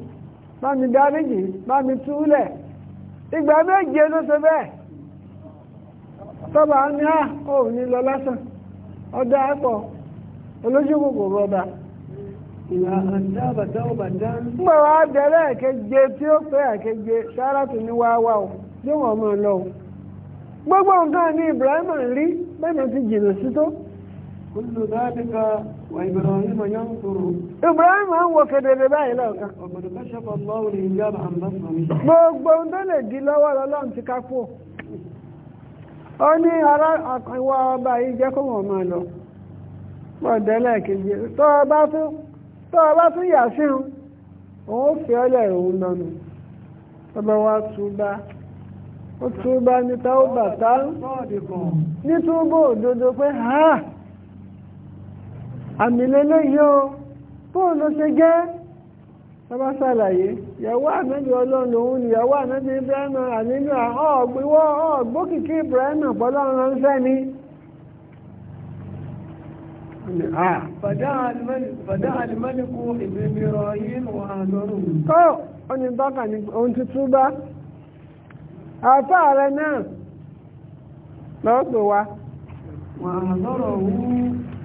bá mi dáríjì bá mi túlẹ̀ ìgbà méje ló ṣe bẹ́ẹ̀ tọ́ba ní à ah, ò ní lọ lásán ọdọ ẹ̀pọ̀ olójú kòkòrò ọba mọ̀ wá dẹ̀rẹ́ ẹ̀keje tí ó pé ẹ̀keje sáràtù ní wá o wọ́n mọ̀ lọ́wọ́ gbogbo nǹkan ni Ibrahim rí bẹ́ẹ̀ ti jìnà sí tó wà Ibrahim ń wọ kedere báyìí lọ́ọ̀ká gbogbo tó lè di lọ́wọ́ lọ́lọ́n ti kápò ó ní ara ọba yìí jẹ́ kó wọ́n máa lọ pọ̀dẹ́lẹ̀ kejì tó tún yà sí òun fi ọlẹ̀ lọ́nu ọba wa tún bá ó túbá ní táúbà tá ní túbọ̀ òdodo pé ha àmì lélẹ́yìí o bóò ló ṣe jẹ́ tọ́bá ṣàlàyé ìyàwó ànábì ọlọ́run òun ìyàwó ànábì ibrahim àníbì ọ̀gbìwọ́ ọ̀gbókìkí ibrahim pọ́lọ́run ránṣẹ́ ni Kọ́ ọ̀nìbákà ni ohun tuntun bá àfá rẹ̀ náà lọ́pẹ̀ wa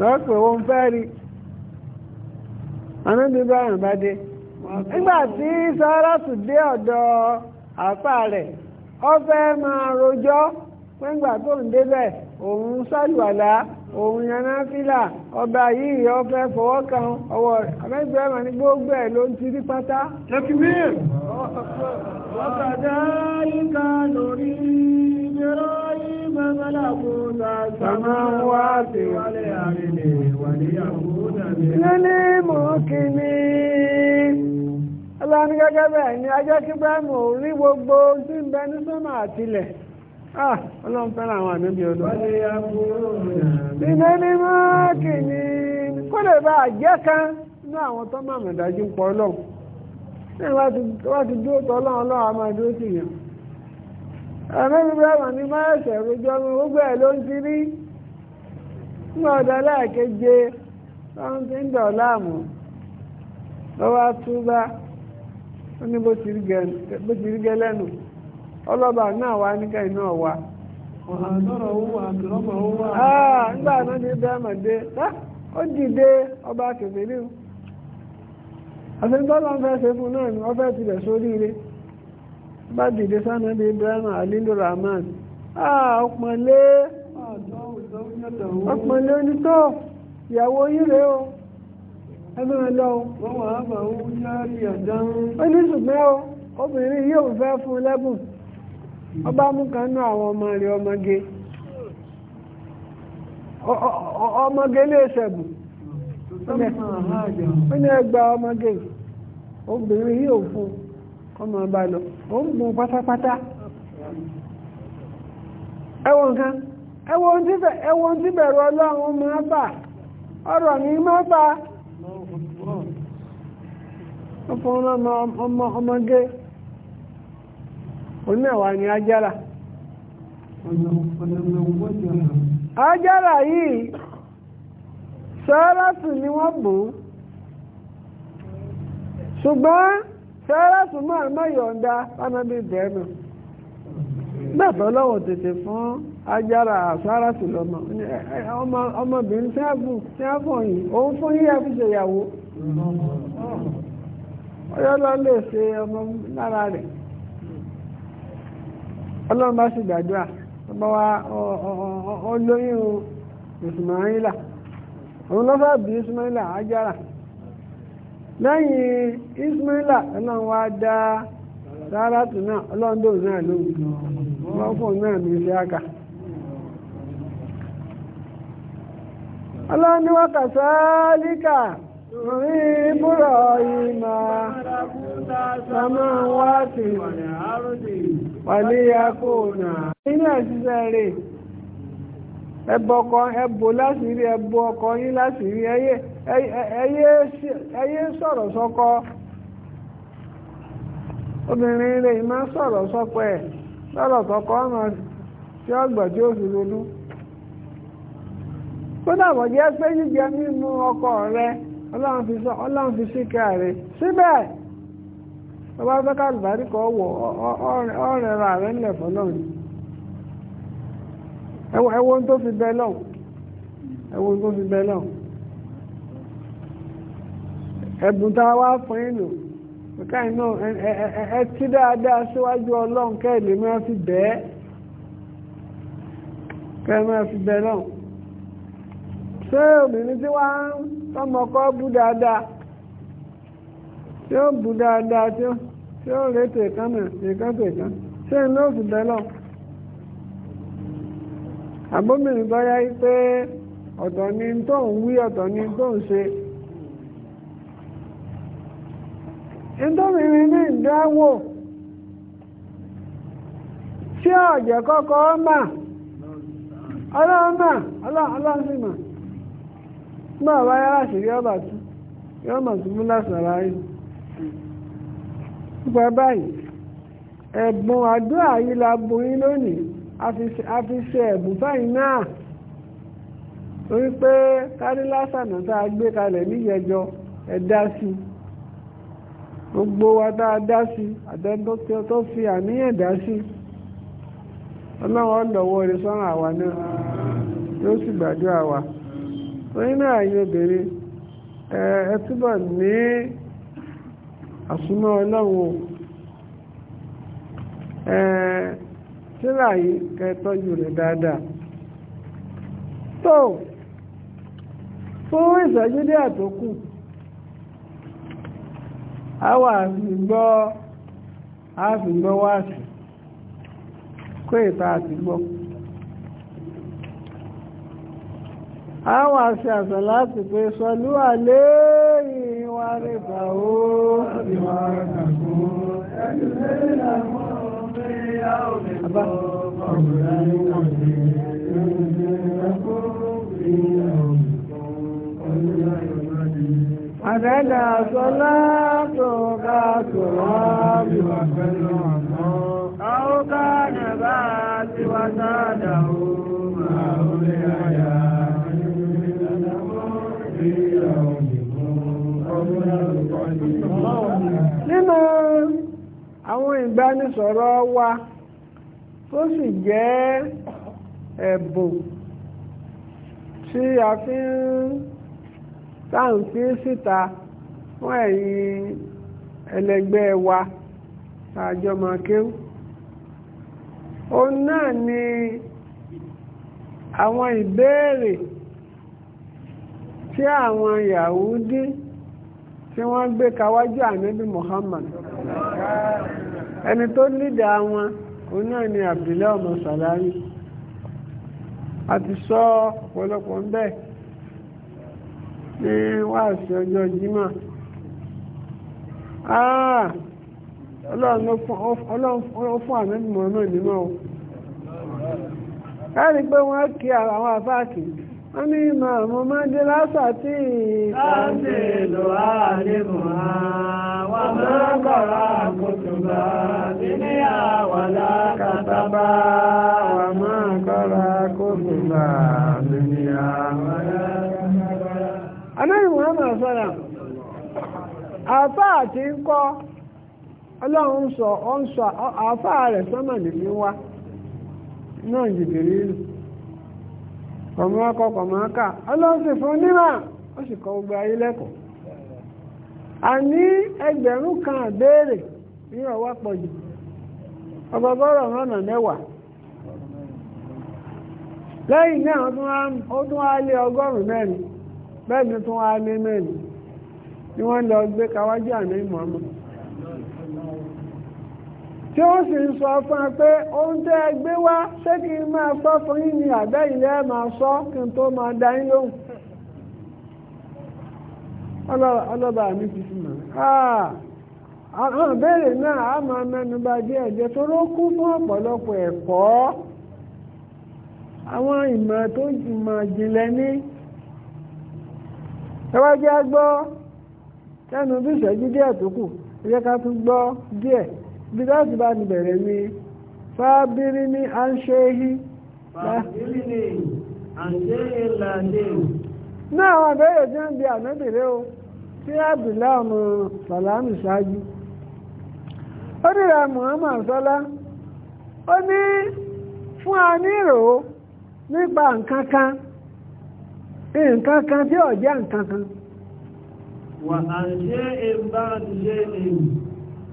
lọ́pẹ̀ wọn fẹ́ rí anábíbá rẹ̀ bá dé nígbàtí sáràtù dé ọ̀dọ̀ àfá rẹ̀ ọ fẹ́ máa rojọ́ pẹ́ngbà tó ń débẹ̀ òun òun yaná fílà ọba yìí ọ fẹ́ fọwọ́ kan ọwọ́ rẹ̀ abẹ́gbẹ́ ẹ̀mà ní gbogbo ẹ̀ ló وكذلك نري إبراهيم ملكوت السماوات والأرض وليكون من الموقنين Ọlọ́run gẹ́gẹ́ bẹ́ẹ̀ ni ajẹ́ kí Ibrahim ò rí gbogbo tí ń bẹ ní sọ́mà àtilẹ̀. Ọlọ́run fẹ́ràn àwọn àmì bí ọdún. Ìgbẹ́ ní mọ́ọ̀kì ni kó lè bá àjẹ́ kan ní àwọn tó mọ̀mọ̀dájú ń pọ̀ Ọlọ́run. náà wá ti dúró tọ́ ọlọ́run ọlọ́run àmọ́ ya. sì yàn ẹ̀rọ ní máa ẹ̀sẹ̀ rojọ́ mi gbogbo ẹ̀ ló ń ti rí nígbà ọ̀dọ̀ aláàkeje ọ̀run ti ń dọ̀ láàmú lọ́wọ́ túbá ó ní bó ti rí gẹ́lẹ́nu ọlọ́ba náà wá níkà iná ọ̀wá. ọ̀hánọ́rọ̀ owó àgbẹ̀rọ̀mọ̀ owó àgbẹ̀rọ̀mọ̀. nígbà náà ti bẹ́ẹ̀ dé àfẹ́gbọ́lọ́ ń fẹ́ ṣe fún náà ni wọ́n fẹ́ tilẹ̀ sórí ire bá dìde sánà bí Ibrahim alilu Rahman ọpọ̀nlé ọpọ̀nlé onítọ́ ìyàwó yíre o ẹgbẹ́rin lọ wọ́n wà á bà ó yáàrí àdáhùn ó ní ṣùgbọ́n o obìnrin yóò fẹ́ fún lẹ́bùn ọba mú kanú àwọn ọmọ rẹ̀ ọmọge ọmọge lè ṣẹ̀bùn wọ́n ẹgbà ọmọge obìnrin yìí ò fún ọmọ ọba lọ ó ń bùn pátápátá ẹwọ̀n kan ẹwọ̀n tí bẹ̀rù ọlọ́run máa bà ọ̀rọ̀ mi máa bà ọmọ ọmọge oníwà ni ajára ajára yìí sẹ́rẹ́sù ni wọ́n bò ó ṣùgbọ́n sẹ́rẹ́sù náà má yọ̀ǹda fánàbí ìbẹ̀rù gbàtọ́ lọ́wọ́ tètè fún ajára sẹ́rẹ́sù lọ́mọ ọmọbìnrin tí wọ́n fún yìí òun fún yíyá fi ṣèyàwó ọyọ́lọ́ lè ṣe ọmọ lára rẹ̀ ọlọ́run bá sì gbàdúrà ọba wa olóyún ìsìnmáyìlá òun lọ́fà bí ismaila ajára lẹ́yìn ismaila ọlọ́run wa dá sáràtù náà ọlọ́ndò náà lóhùn náà ní iṣẹ́ aka ọlọ́run ní rí búrọ̀ ìmọ̀ samáwá wà ní ẹbọ Ẹbụ ẹbọ rí ẹbọ ọkọ yín rí ẹyẹ sọ̀rọ̀ sọ́kọ obìnrin rẹ̀ máa sọ̀rọ̀ sọ́kọ ẹ̀ lọ́rọ̀ sọ́kọ ọ̀nà tí ọgbà tí ó fi ronú kó dàbọ̀ jẹ́ pé jíjẹ rẹ ọlọ́run fi rẹ síbẹ̀ ọba rẹ̀ ẹwọ́n tó fi bẹ́ lọ́wọ́ ẹwọ́n tó fi bẹ́ lọ́wọ́ ẹ̀bùn tá a wá fún ìlú ká iná ẹ tí dáadáa síwájú ọlọ́run kẹ́ẹ̀lẹ́ máa fi bẹ́ẹ̀ kẹ́ẹ̀ máa fi bẹ́ẹ̀ lọ́wọ́ ṣé obìnrin tí wàá tọmọkọ bú dáadáa tí ó bú dáadáa tí ó rétè kánà èkánà èkánà ṣé iná ò fi bẹ́ẹ̀ lọ́wọ́ àbómìnrin tó yá pé ọ̀tọ̀ ni tó ń wí ọ̀tọ̀ ni tó ń ṣe nítorí ní ìdáwò tí ọ̀jẹ̀ kọ́kọ́ mà ọlọ́run mà ọlọ́run sì mà gbọ́ àwáyá àṣírí ọba tú yọ́ mọ̀ tó mú lásàrá yìí nípa báyìí ẹ̀bùn àdúrà yìí la bu yín lónìí a fi ṣe ẹ̀bùn fẹ́yìn náà orí pé kárí lásànà a gbé kalẹ̀ níyẹjọ ẹ sí gbogbo wa a dá sí àtẹ́ńtọ́ tó fi àníyàn dá sí ọlọ́wọ́ ọ̀dọ̀wọ́ rẹ̀ sọ́run náà yóò sì gbàdúrà náà yóò ẹ túbọ̀ ní ọlọ́run tíra yìí kẹtọ́jú rẹ̀ dáadáa tó fún ìṣẹ́jú dé a àwa àfìgbọ́ àfìgbọ́ wáàsì kó ìta àtìgbọ́ àwa àṣẹ àṣà láti pé sọlú àlé ìwà rẹ̀ bàó àbíwá rẹ̀ bàó ẹ̀yìn lẹ́yìn àwọn ọmọ ẹ̀yà bá. Àdẹ́dà sọ́lá tó ká tó wá bí wà pẹ̀lú ọ̀nà. Àwọn ká nàbà tí wá sáàdà ó máa ń lé àyà. Nínú àwọn ìbánisọ̀rọ̀ wa. ó sì jẹ́ ẹ̀bùn tí a fi ń táwọn fi ń síta fún ẹ̀yin ẹlẹgbẹ́ wa àjọmọ̀kéwù òun náà ni àwọn ìbéèrè tí àwọn Yahudi tí wọ́n gbé kawájú ànábì Muhammad ẹni tó lidia wọn. òun náà ni Abdullahi ọmọ Sàlámì a ti sọ ọ̀pọ̀lọpọ̀ ń bẹ́ẹ̀ ní wáàsí ọjọ́ jímà ah, ọlọ́run fún àmì mọ̀ọ́mọ̀ nínú ẹ̀rí pé wọ́n kí àwọn afáàkì wọ́n ní màmú mọ́dé lásàtì láti ìlú àlèmù àwọn mọ́kànlá kùtùbà níní àwàlá kàtàbà àwọn mọ́kànlá kùtùbà níní àwàlá kàtàbà. anáyìn muhammad sọ́dà àfáà ti ń kọ́ ọlọ́run sọ àfáà rẹ̀ sọ́mọ̀ nìyí wá náà jìbìrì kọ̀mọ́ ọkọ̀ kọ̀mọ́ ọkà ọlọ́run sì fún nímà ó sì kọ́ gbogbo ayé lẹ́kọ̀ọ́ àní ẹgbẹ̀rún kan àbẹ́ẹ̀rẹ̀ ní ọwọ́ pọ̀ jù ọgọgọ́rọ̀ ọ̀nà mẹ́wàá lẹ́yìn náà ó tún wá lé ọgọ́rùn mẹ́rin bẹ́ẹ̀ ni tún wá lé mẹ́rin ni wọ́n lọ gbé kawájú àná ìmọ̀ ọmọ tí ó sì ń sọ fún ẹ pé ohun tẹ́ ẹ gbé wá ṣé kí n máa sọ fún yín ni àgbẹ́ ilẹ̀ máa sọ kí n tó máa dá yín lóhùn ọlọ́ba mi ti fi mọ̀ ah, àwọn ìbéèrè náà a máa mẹ́nu bà díẹ̀ jẹ́ tó ló kú fún ọ̀pọ̀lọpọ̀ ẹ̀kọ́ àwọn ìmọ̀ tó ìmọ̀ jìnlẹ̀ ní ẹwájú agbọ́ tẹnu bí ìṣẹ́jú díẹ̀ tó kù ẹ jẹ́ ká tún gbọ́ díẹ̀ bí láti bá ti bẹ̀rẹ̀ wí fábírí ní à ń ṣe hí náà àwọn àbẹ́rẹ̀ tí ń bi ànábìrẹ́ o tí àbìlá ọmọ sàlámì ṣáájú ó níra Muhammad sọ́lá ó ní fún a nírò kan nǹkan kan tí ó jẹ́ nǹkan kan wà á ṣe é bá je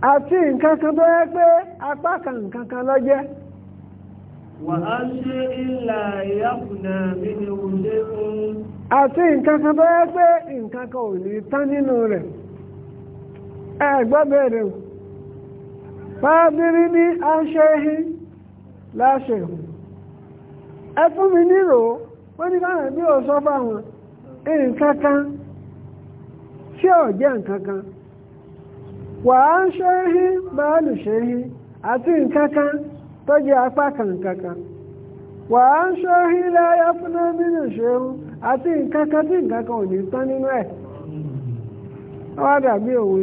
àti nǹkan kan tó yẹ pé apá kan nǹkan kan ló jẹ́ àti nǹkan kan tó yẹ pé nǹkan kan ò ní tán nínú rẹ̀ ẹgbọ́ bẹ̀rẹ̀ fàábírí ní aṣẹ́hí láṣẹ̀hùn ẹ fún mi nírò wọ́n ní káàrẹ̀ bí ò sọ wà á ń ṣẹ́hí báàlù ihe àti nkankan tó jẹ́ apá kan nkankan wà á ń ṣẹ́hí láyá fúnná nínú ṣẹ́hú àti nkankan tí nkankan ò ní tán nínú ẹ̀ wọ́n dàbí òwe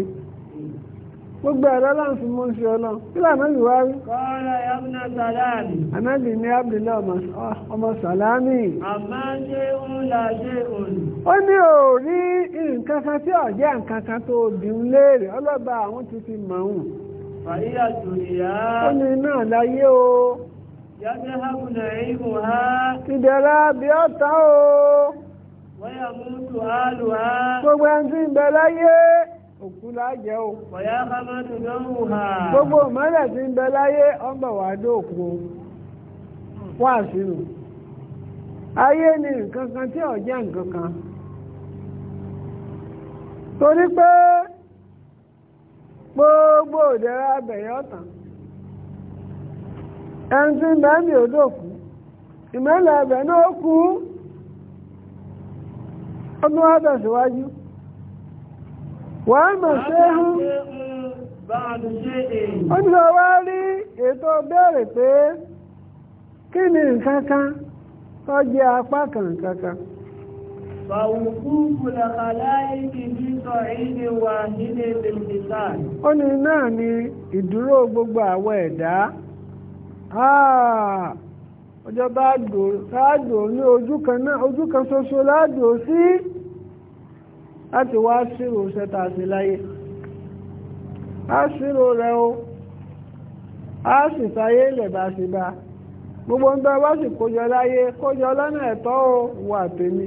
gbogbo ẹ̀rọ láà fi mú sí ọlọ́ kí lànà yìí rí. kọ́lá yabna sàlámì. anábì ní abdullahi ọmọ sàlámì. ṣe ń ó ní ò ní nǹkan kan tí ọ̀jẹ́ nǹkan kan tó bí ń léèrè ọlọ́ba àwọn ti fi mọ̀ ọ́n. ó ní náà láyé o. yàtọ̀ ha. ìdẹ̀ra bí ó o. wọ́yà mútu àlù ha. gbogbo ẹni tí ń bẹ láyé ha. gbogbo tí ń bẹ láyé ọmọ wàá ayé ni nǹkan kan tí torí pé gbogbo òdẹ̀rẹ́ abẹ̀yẹ ọ̀tàn ẹni tí ń bẹ́ mi ò ìmẹ́lẹ̀ ẹ̀bẹ̀ náà kú ọdún wá wọ́n mọ̀ ṣe hú ó ní rí ètò bẹ̀rẹ̀ pé kí ni apá ó ní náà ni ìdúró gbogbo àwọn ẹ̀dá ọjọ́ bá dò ní ojú kan náà ojú kan ṣoṣo láàdò sí láti wá ṣírò ṣẹta sí láyé a ṣírò rẹ̀ o a sì sáyé lẹ̀bàṣìbà gbogbo ń bẹ́ wá sì kójọ láyé kójọ lọ́nà ẹ̀tọ́ o wà tèmi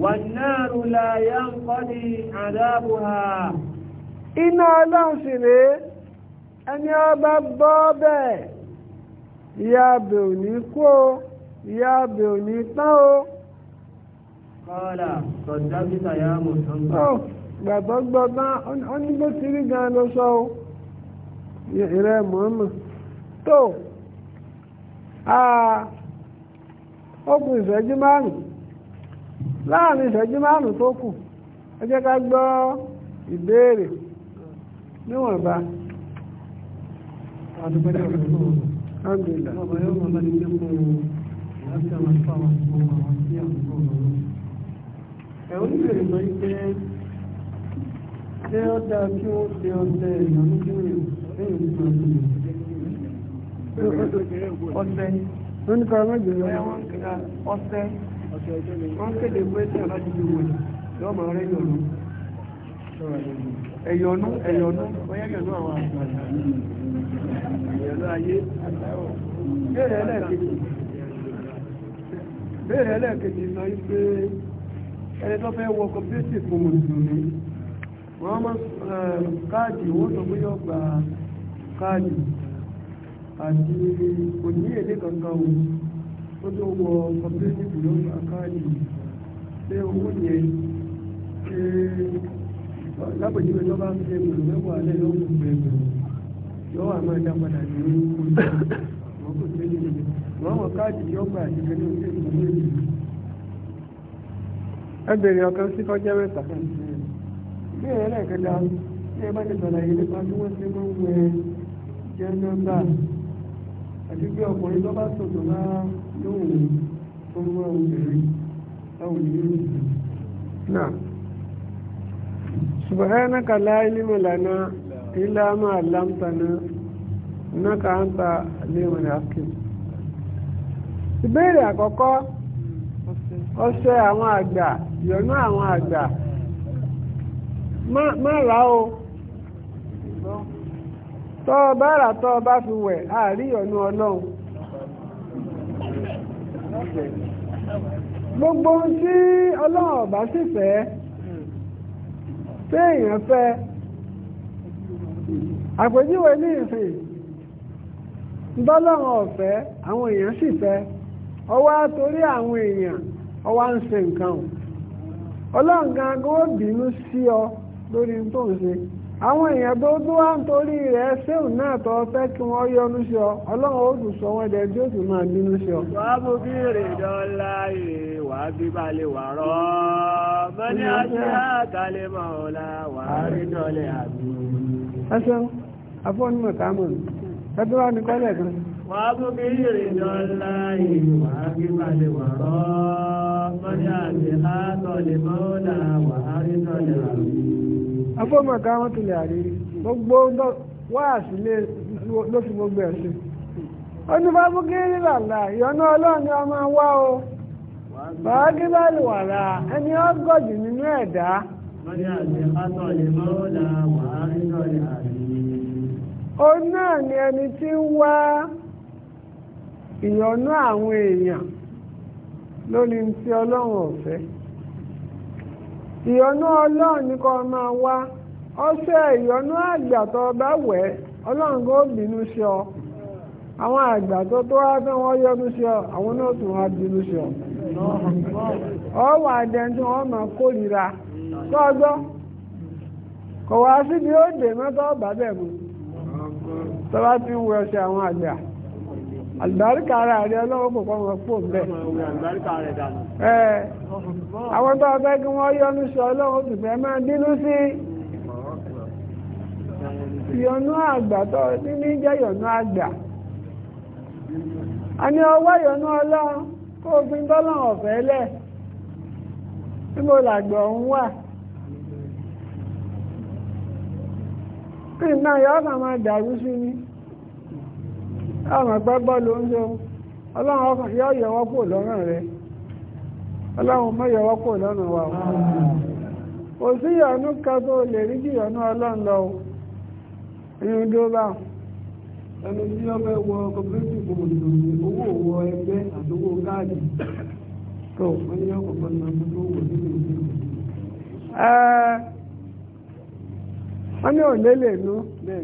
wànàrù láyá ń kọ́ ní àdábùhà iná ọlọ́run sì rèé ẹni ọba bọ́ bẹ́ẹ̀ ìyá abẹ ò ní kú o ìyá abẹ ò ní tán o. kọ́lá sọ̀dá yá mọ̀ ìrẹ́ mọ̀ọ́mọ̀ tó ó kù ìṣẹ́jú márùn-ún láàrin ìṣẹ́jú márùn-ún tó kù ẹ jẹ́ ká gbọ́ ìbéèrè níwọ̀nba ẹ̀wọ́n ìbéèrè sọ wípé ṣé ó dáa kí wọ́n ṣe ọdẹ ìyàwó kí wọ́n lẹ́yìn ìgbà tó lè ọ̀sẹ̀ ọ̀sẹ̀ wọ́n kéde pẹ́sì aládùúgbò wọn yóò máa rẹ́ yọ̀nù ẹ̀yọ̀nù ẹ̀yọ̀nù bóyá yọ̀nù àwọn àgbà ẹ̀yọ̀nù ayé béèrè ẹlẹ́ẹ̀kejì sọ wípé ẹni tó fẹ́ wọ kọ́pẹ́sì fún mùsùlùmí wọ́n mọ́ eh, káàdì owó tó gbé yọ gba káàdì àti kò ní èdè kankan òun tó tó wọ community building account pé owó yẹn ṣe lápèjúwe tó bá ń fi ẹgbẹ̀rún mẹ́wàá lẹ́ yóò fún ẹgbẹ̀rún yóò wà máa dá padà ní oṣù wọn kò tẹ́lẹ̀ níbi wọn wọ káàdì yóò gbà àti kẹ́lẹ́ òṣèlú ìgbàlódé ìlú. ẹ bèrè ọkàn sí kọjá mẹ́ta bí ẹ̀rẹ́ lẹ́ẹ̀kẹta bí ẹ bá ti sọ̀rọ̀ yìí nípa bí wọ́n ti máa ń wẹ jẹ́ nọ́mbà àti pé ọkùnrin tó bá sòtò máa lóhùn tó mọ́ obìnrin táwọn ìlú náà سبحانك لا علم لنا إلا ما علمتنا إنك أنت عليم الحكيم ìbéèrè àkọ́kọ́ ọṣẹ àwọn àgbà yọ̀nú àwọn àgbà má tọ́ ọba rà tọ́ ọba fi wẹ̀ àárí ọ̀nà ọlọ́run gbogbo ohun tí ọlọ́run ọba sì fẹ́ téèyàn fẹ́ àpèjúwe ní ìsìn ńdọ́lọ́run ọ̀fẹ́ àwọn èèyàn sì fẹ́ ọwọ́ torí àwọn èèyàn ọwọ́ ń ṣe nǹkan ọlọ́run gan-an bínú sí ọ lórí tó ń ṣe. àwọn èèyàn tó tó wá ń torí rẹ̀ ṣéun náà tó fẹ́ kí wọ́n yọnu sí ọ ọlọ́run ó dùn sọ wọ́n dẹ̀ tí ó sì máa bínú sí ọ. wàá rè dọ́là yìí wàá bí balẹ̀ wà rọ́ mọ́ni àṣẹ àkàlẹ̀ mọ́ ọ̀la wàá rí dọ́lẹ̀ àbí. ẹ ṣeun afọ́nimọ̀ táàmù ẹ tó wá ní kọ́lẹ̀ kan. wàá mú rè dọ́là yìí wàá bí balẹ̀ wà rọ́ mọ́ni àṣẹ àkàlẹ̀ mọ́ ọ̀la wàá rí dọ́lẹ̀ àbí afọ́mọ̀ ká wọ́n tilẹ̀ àrírí gbogbo wáàsí ló fi gbogbo ẹ̀sìn onífàbùkírí làlà ìyọ́nà ọlọ́run ọmọ wá o bàágí bá lè wà rà ẹni ọgọ́jì nínú ẹ̀dá ó náà ni ẹni tí ń wá ìyọ́nà àwọn èèyàn lórí ti ọlọ́run ọ̀fẹ́ ìyọnú ọlọ́run ní kọ́ máa wá ọṣẹ ìyọnú àgbà tó bá wẹ̀ ọlọ́run bínú ọ àwọn àgbà tó tó wá fẹ́ wọ́n yọnu ọ àwọn náà tún wá bínú ọ ọwọ́ máa kórìíra síbi ó dè mu tọ́lá ti ń àlùbáríkà ara rẹ ọlọ́wọ́ kò kọ́ àwọn tó kí wọ́n yọnu máa bínú sí yọnu àgbà tó níní jẹ́ yọnu àgbà. a ní ọwọ́ yọnu ọlọ́run kó fi ń ọ̀fẹ́ lẹ̀ tí mo ọ̀hún wà. kí n náà yọ ọ́ kàn máa dàrú sí àwọn àgbá bọ́ọ̀lù ń jọ ọlọ́run ọkàn yọ yọwọ́ kò lọ́rùn rẹ ọlọ́run mọ́ kò lọ́rùn wa ya sí ìyọnú kan tó rí jù ọlọ́run lọ bá ẹni tí ọmọ ẹwọ cooperative òdòdó ní owó òwò ẹgbẹ́ àtowó káàdì tó wọ́n ní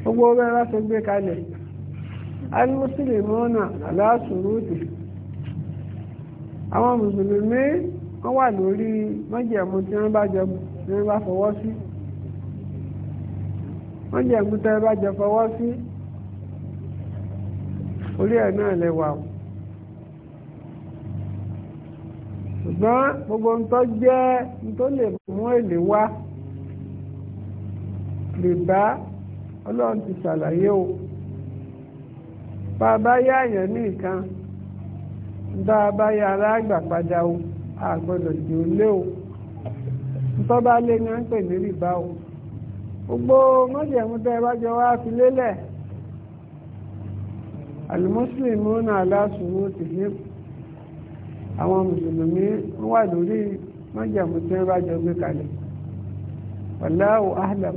gbogbo ọgbẹ́ láti gbé kalẹ̀ alimusulimọ́nà aláṣùrùtì àwọn mùsùlùmí wọ́n wà lórí májẹ̀mú tí wọ́n bá jọ tí wọ́n bá fọwọ́ sí májẹ̀mú tí wọ́n bá jọ fọwọ́ sí orí ẹ̀ náà lẹ́wà ṣùgbọ́n gbogbo ń jẹ́ ń lè mú èlé wá rìbá ọlọ́run ti ṣàlàyé o bàbá yáàyàn ní nǹkan bá a bá yá aláàgbà padà o a gbọ́dọ̀ jì ó lé o tó bá lé ní ń pè ní rìbá o gbogbo mọ́jẹ̀mú tẹ́ bá jọ wá fi lélẹ̀ alimusulimu náà aláṣùwò ti ní àwọn mùsùlùmí wà lórí mọ́jẹ̀mú tẹ́ bá jọ gbé kalẹ̀ wallahu ahlam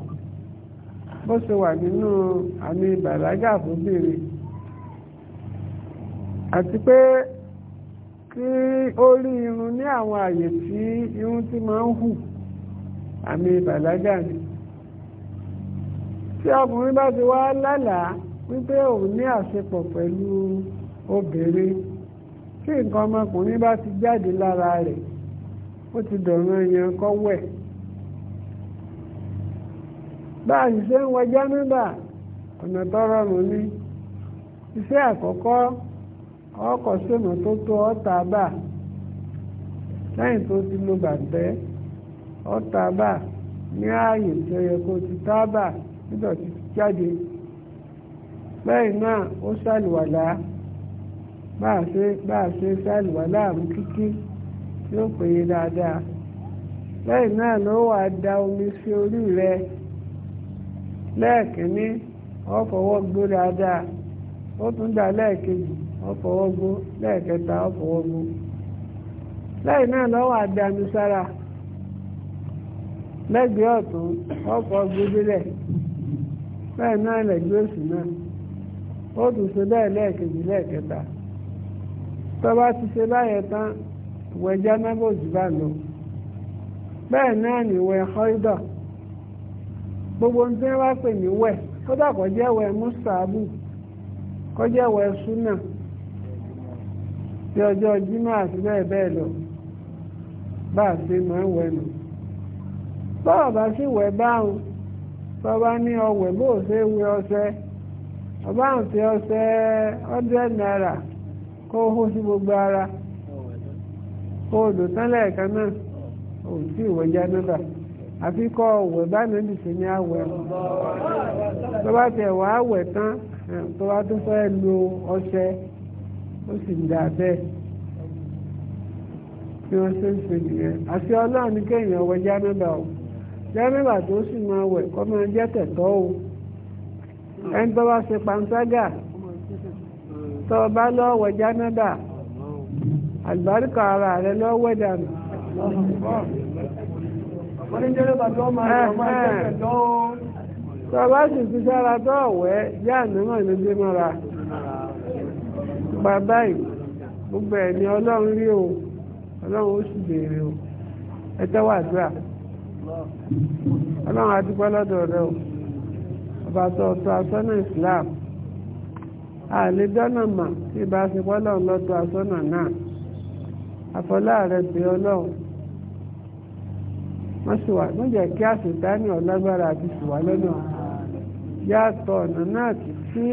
bó ṣe wà nínú àmì bàlágà fóbìnrin àti pé kí ó rí irun ní àwọn àyè tí irun ti máa ń hù àmì bàlágà ni tí ọkùnrin bá ti wá lálàá wípé òun ní àṣepọ̀ pẹ̀lú obìnrin tí nǹkan ọmọkùnrin bá ti jáde lára rẹ̀ ó ti dọ̀rọ̀ èèyàn kọ́wẹ́ bá a ṣiṣẹ́ ń wọ jánábà ọ̀nà tọrọ rọrùn ni iṣẹ́ àkọ́kọ́ ọkọ̀ sọ̀nà tó tó ọ̀tá bà lẹ́yìn tó ti lo bàtẹ́ ọ̀tá bà ní ààyè tó yẹ kó ti tábà nídọ̀tí jáde lẹ́yìn náà ó ṣàlùwàlá bá a ṣe ṣàlùwàlá àmú kíkí tí ó péye dáadáa lẹ́yìn náà ló da omi sí orí rẹ̀ lẹ́ẹ̀kínní wọ́n fọwọ́ gbó dáadáa ó tún lẹ́ẹ̀kejì wọ́n fọwọ́ gbó lẹ́ẹ̀kẹta wọ́n fọwọ́ gbó lẹ́yìn náà lọ́wọ́ lẹ́gbẹ̀ẹ́ ọ̀tún wọ́n fọwọ́ gbó délẹ̀ lẹ́yìn ti ṣe báyẹn tán bá lọ bẹ́ẹ̀ náà gbogbo ndị tẹ́ wá pè ní wẹ̀ wee musa jẹ́ wẹ̀ mùsàbù suna jẹ́ wẹ̀ súnà àti bẹ́ẹ̀ bẹ́ẹ̀ lọ bá a ṣe máa ń wẹ̀ nù bá sì ọba àwọn ti ọṣẹ hundred naira kó hó gbogbo ara kó tán náà àfi kọ́ ọ̀wẹ̀ báyìí níbi sì ni àwẹ̀ tó bá tẹ̀ wá àwẹ̀ tán tó bá tún fẹ́ lo ọṣẹ ó sì ń dà bẹ́ẹ̀ bí wọ́n ṣe ń ṣe nìyẹn àti ọlọ́run ní kéèyàn wẹ̀ jámẹ́bà o jámẹ́bà tó sì máa wẹ̀ kọ́ máa jẹ́ tẹ̀tọ́ o ẹni tó bá ṣe panṣágà tó o bá lọ wẹ̀ jámẹ́bà àlùbáríkà ara rẹ lọ́wọ́ dànù wọ́n ní jẹ́rẹ́bà tó máa rọ̀ máa jẹ́ tó. bàbá sì ti sára tó ọ̀wẹ́ yá ànámọ̀ ní bí mọ́ra bàbá yìí gbogbo ẹ̀ ni ọlọ́run rí o ọlọ́run ó sì béèrè o ẹ tẹ́wọ́ àdúrà ọlọ́run adúpẹ́ lọ́dọ̀ rẹ o ọba tó ọ̀tọ̀ asọ́nà Islam àlè dọ́nà mà tí ìbá ṣe pọ́lọ́run lọ́tọ̀ asọ́nà náà àfọlá rẹ bẹ ọlọ́run mọ́ṣúwà ló jẹ́ kí àṣetánì ọ̀lágbára àti ṣùwà lọ́nà yàtọ̀ ọ̀nà náà ti sí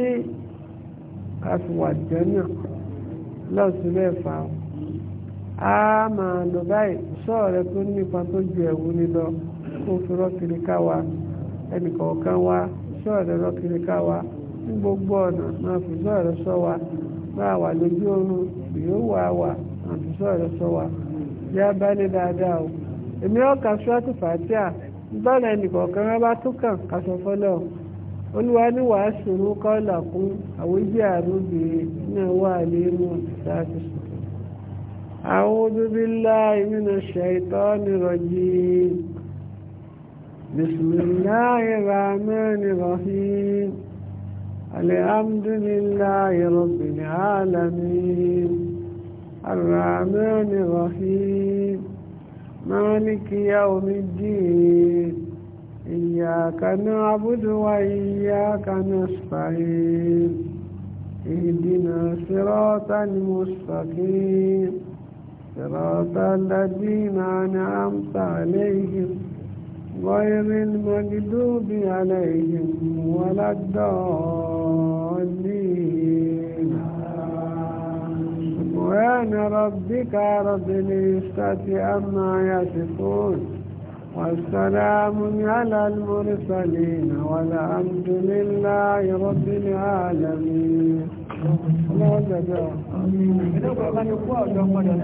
kàṣùwà jẹ́nà lọ́sùlẹ̀ fa a máa lọ báyìí tó nípa tó ju ẹ̀wù ni lọ kó fi rọ́kiri ká wa ẹnìkọ̀ọ̀kan wa rọ́kiri wa gbogbo ọ̀nà máa fi sọ wa wà lójú oorun yóò wà wà fi sọ wa yá bá lé dáadáa o. èmi ọ̀ka ṣúwátì fàtíà bọ́ọ̀lù ẹnìkọ̀ọ̀kan rán bá tún kàn kàṣọ fọlọ́ olúwa ní wàá ṣòro kọ́ọ̀là fún àwùjẹ àrùbí náà wà lẹ́nu ìdájọ́ sọ̀rọ̀. a'udhu billahi minash shaitani rajim bismillahir rahmanir rahim alhamdulillahi rabbil alamin arrahmanir rahim. مالك يوم الدين إياك نعبد وإياك نستعين اهدنا صراط المستقيم صراط الذين أنعمت عليهم غير المغضوب عليهم ولا الضالين سبحان ربك رب العزة أما يصفون والسلام على المرسلين والحمد لله رب العالمين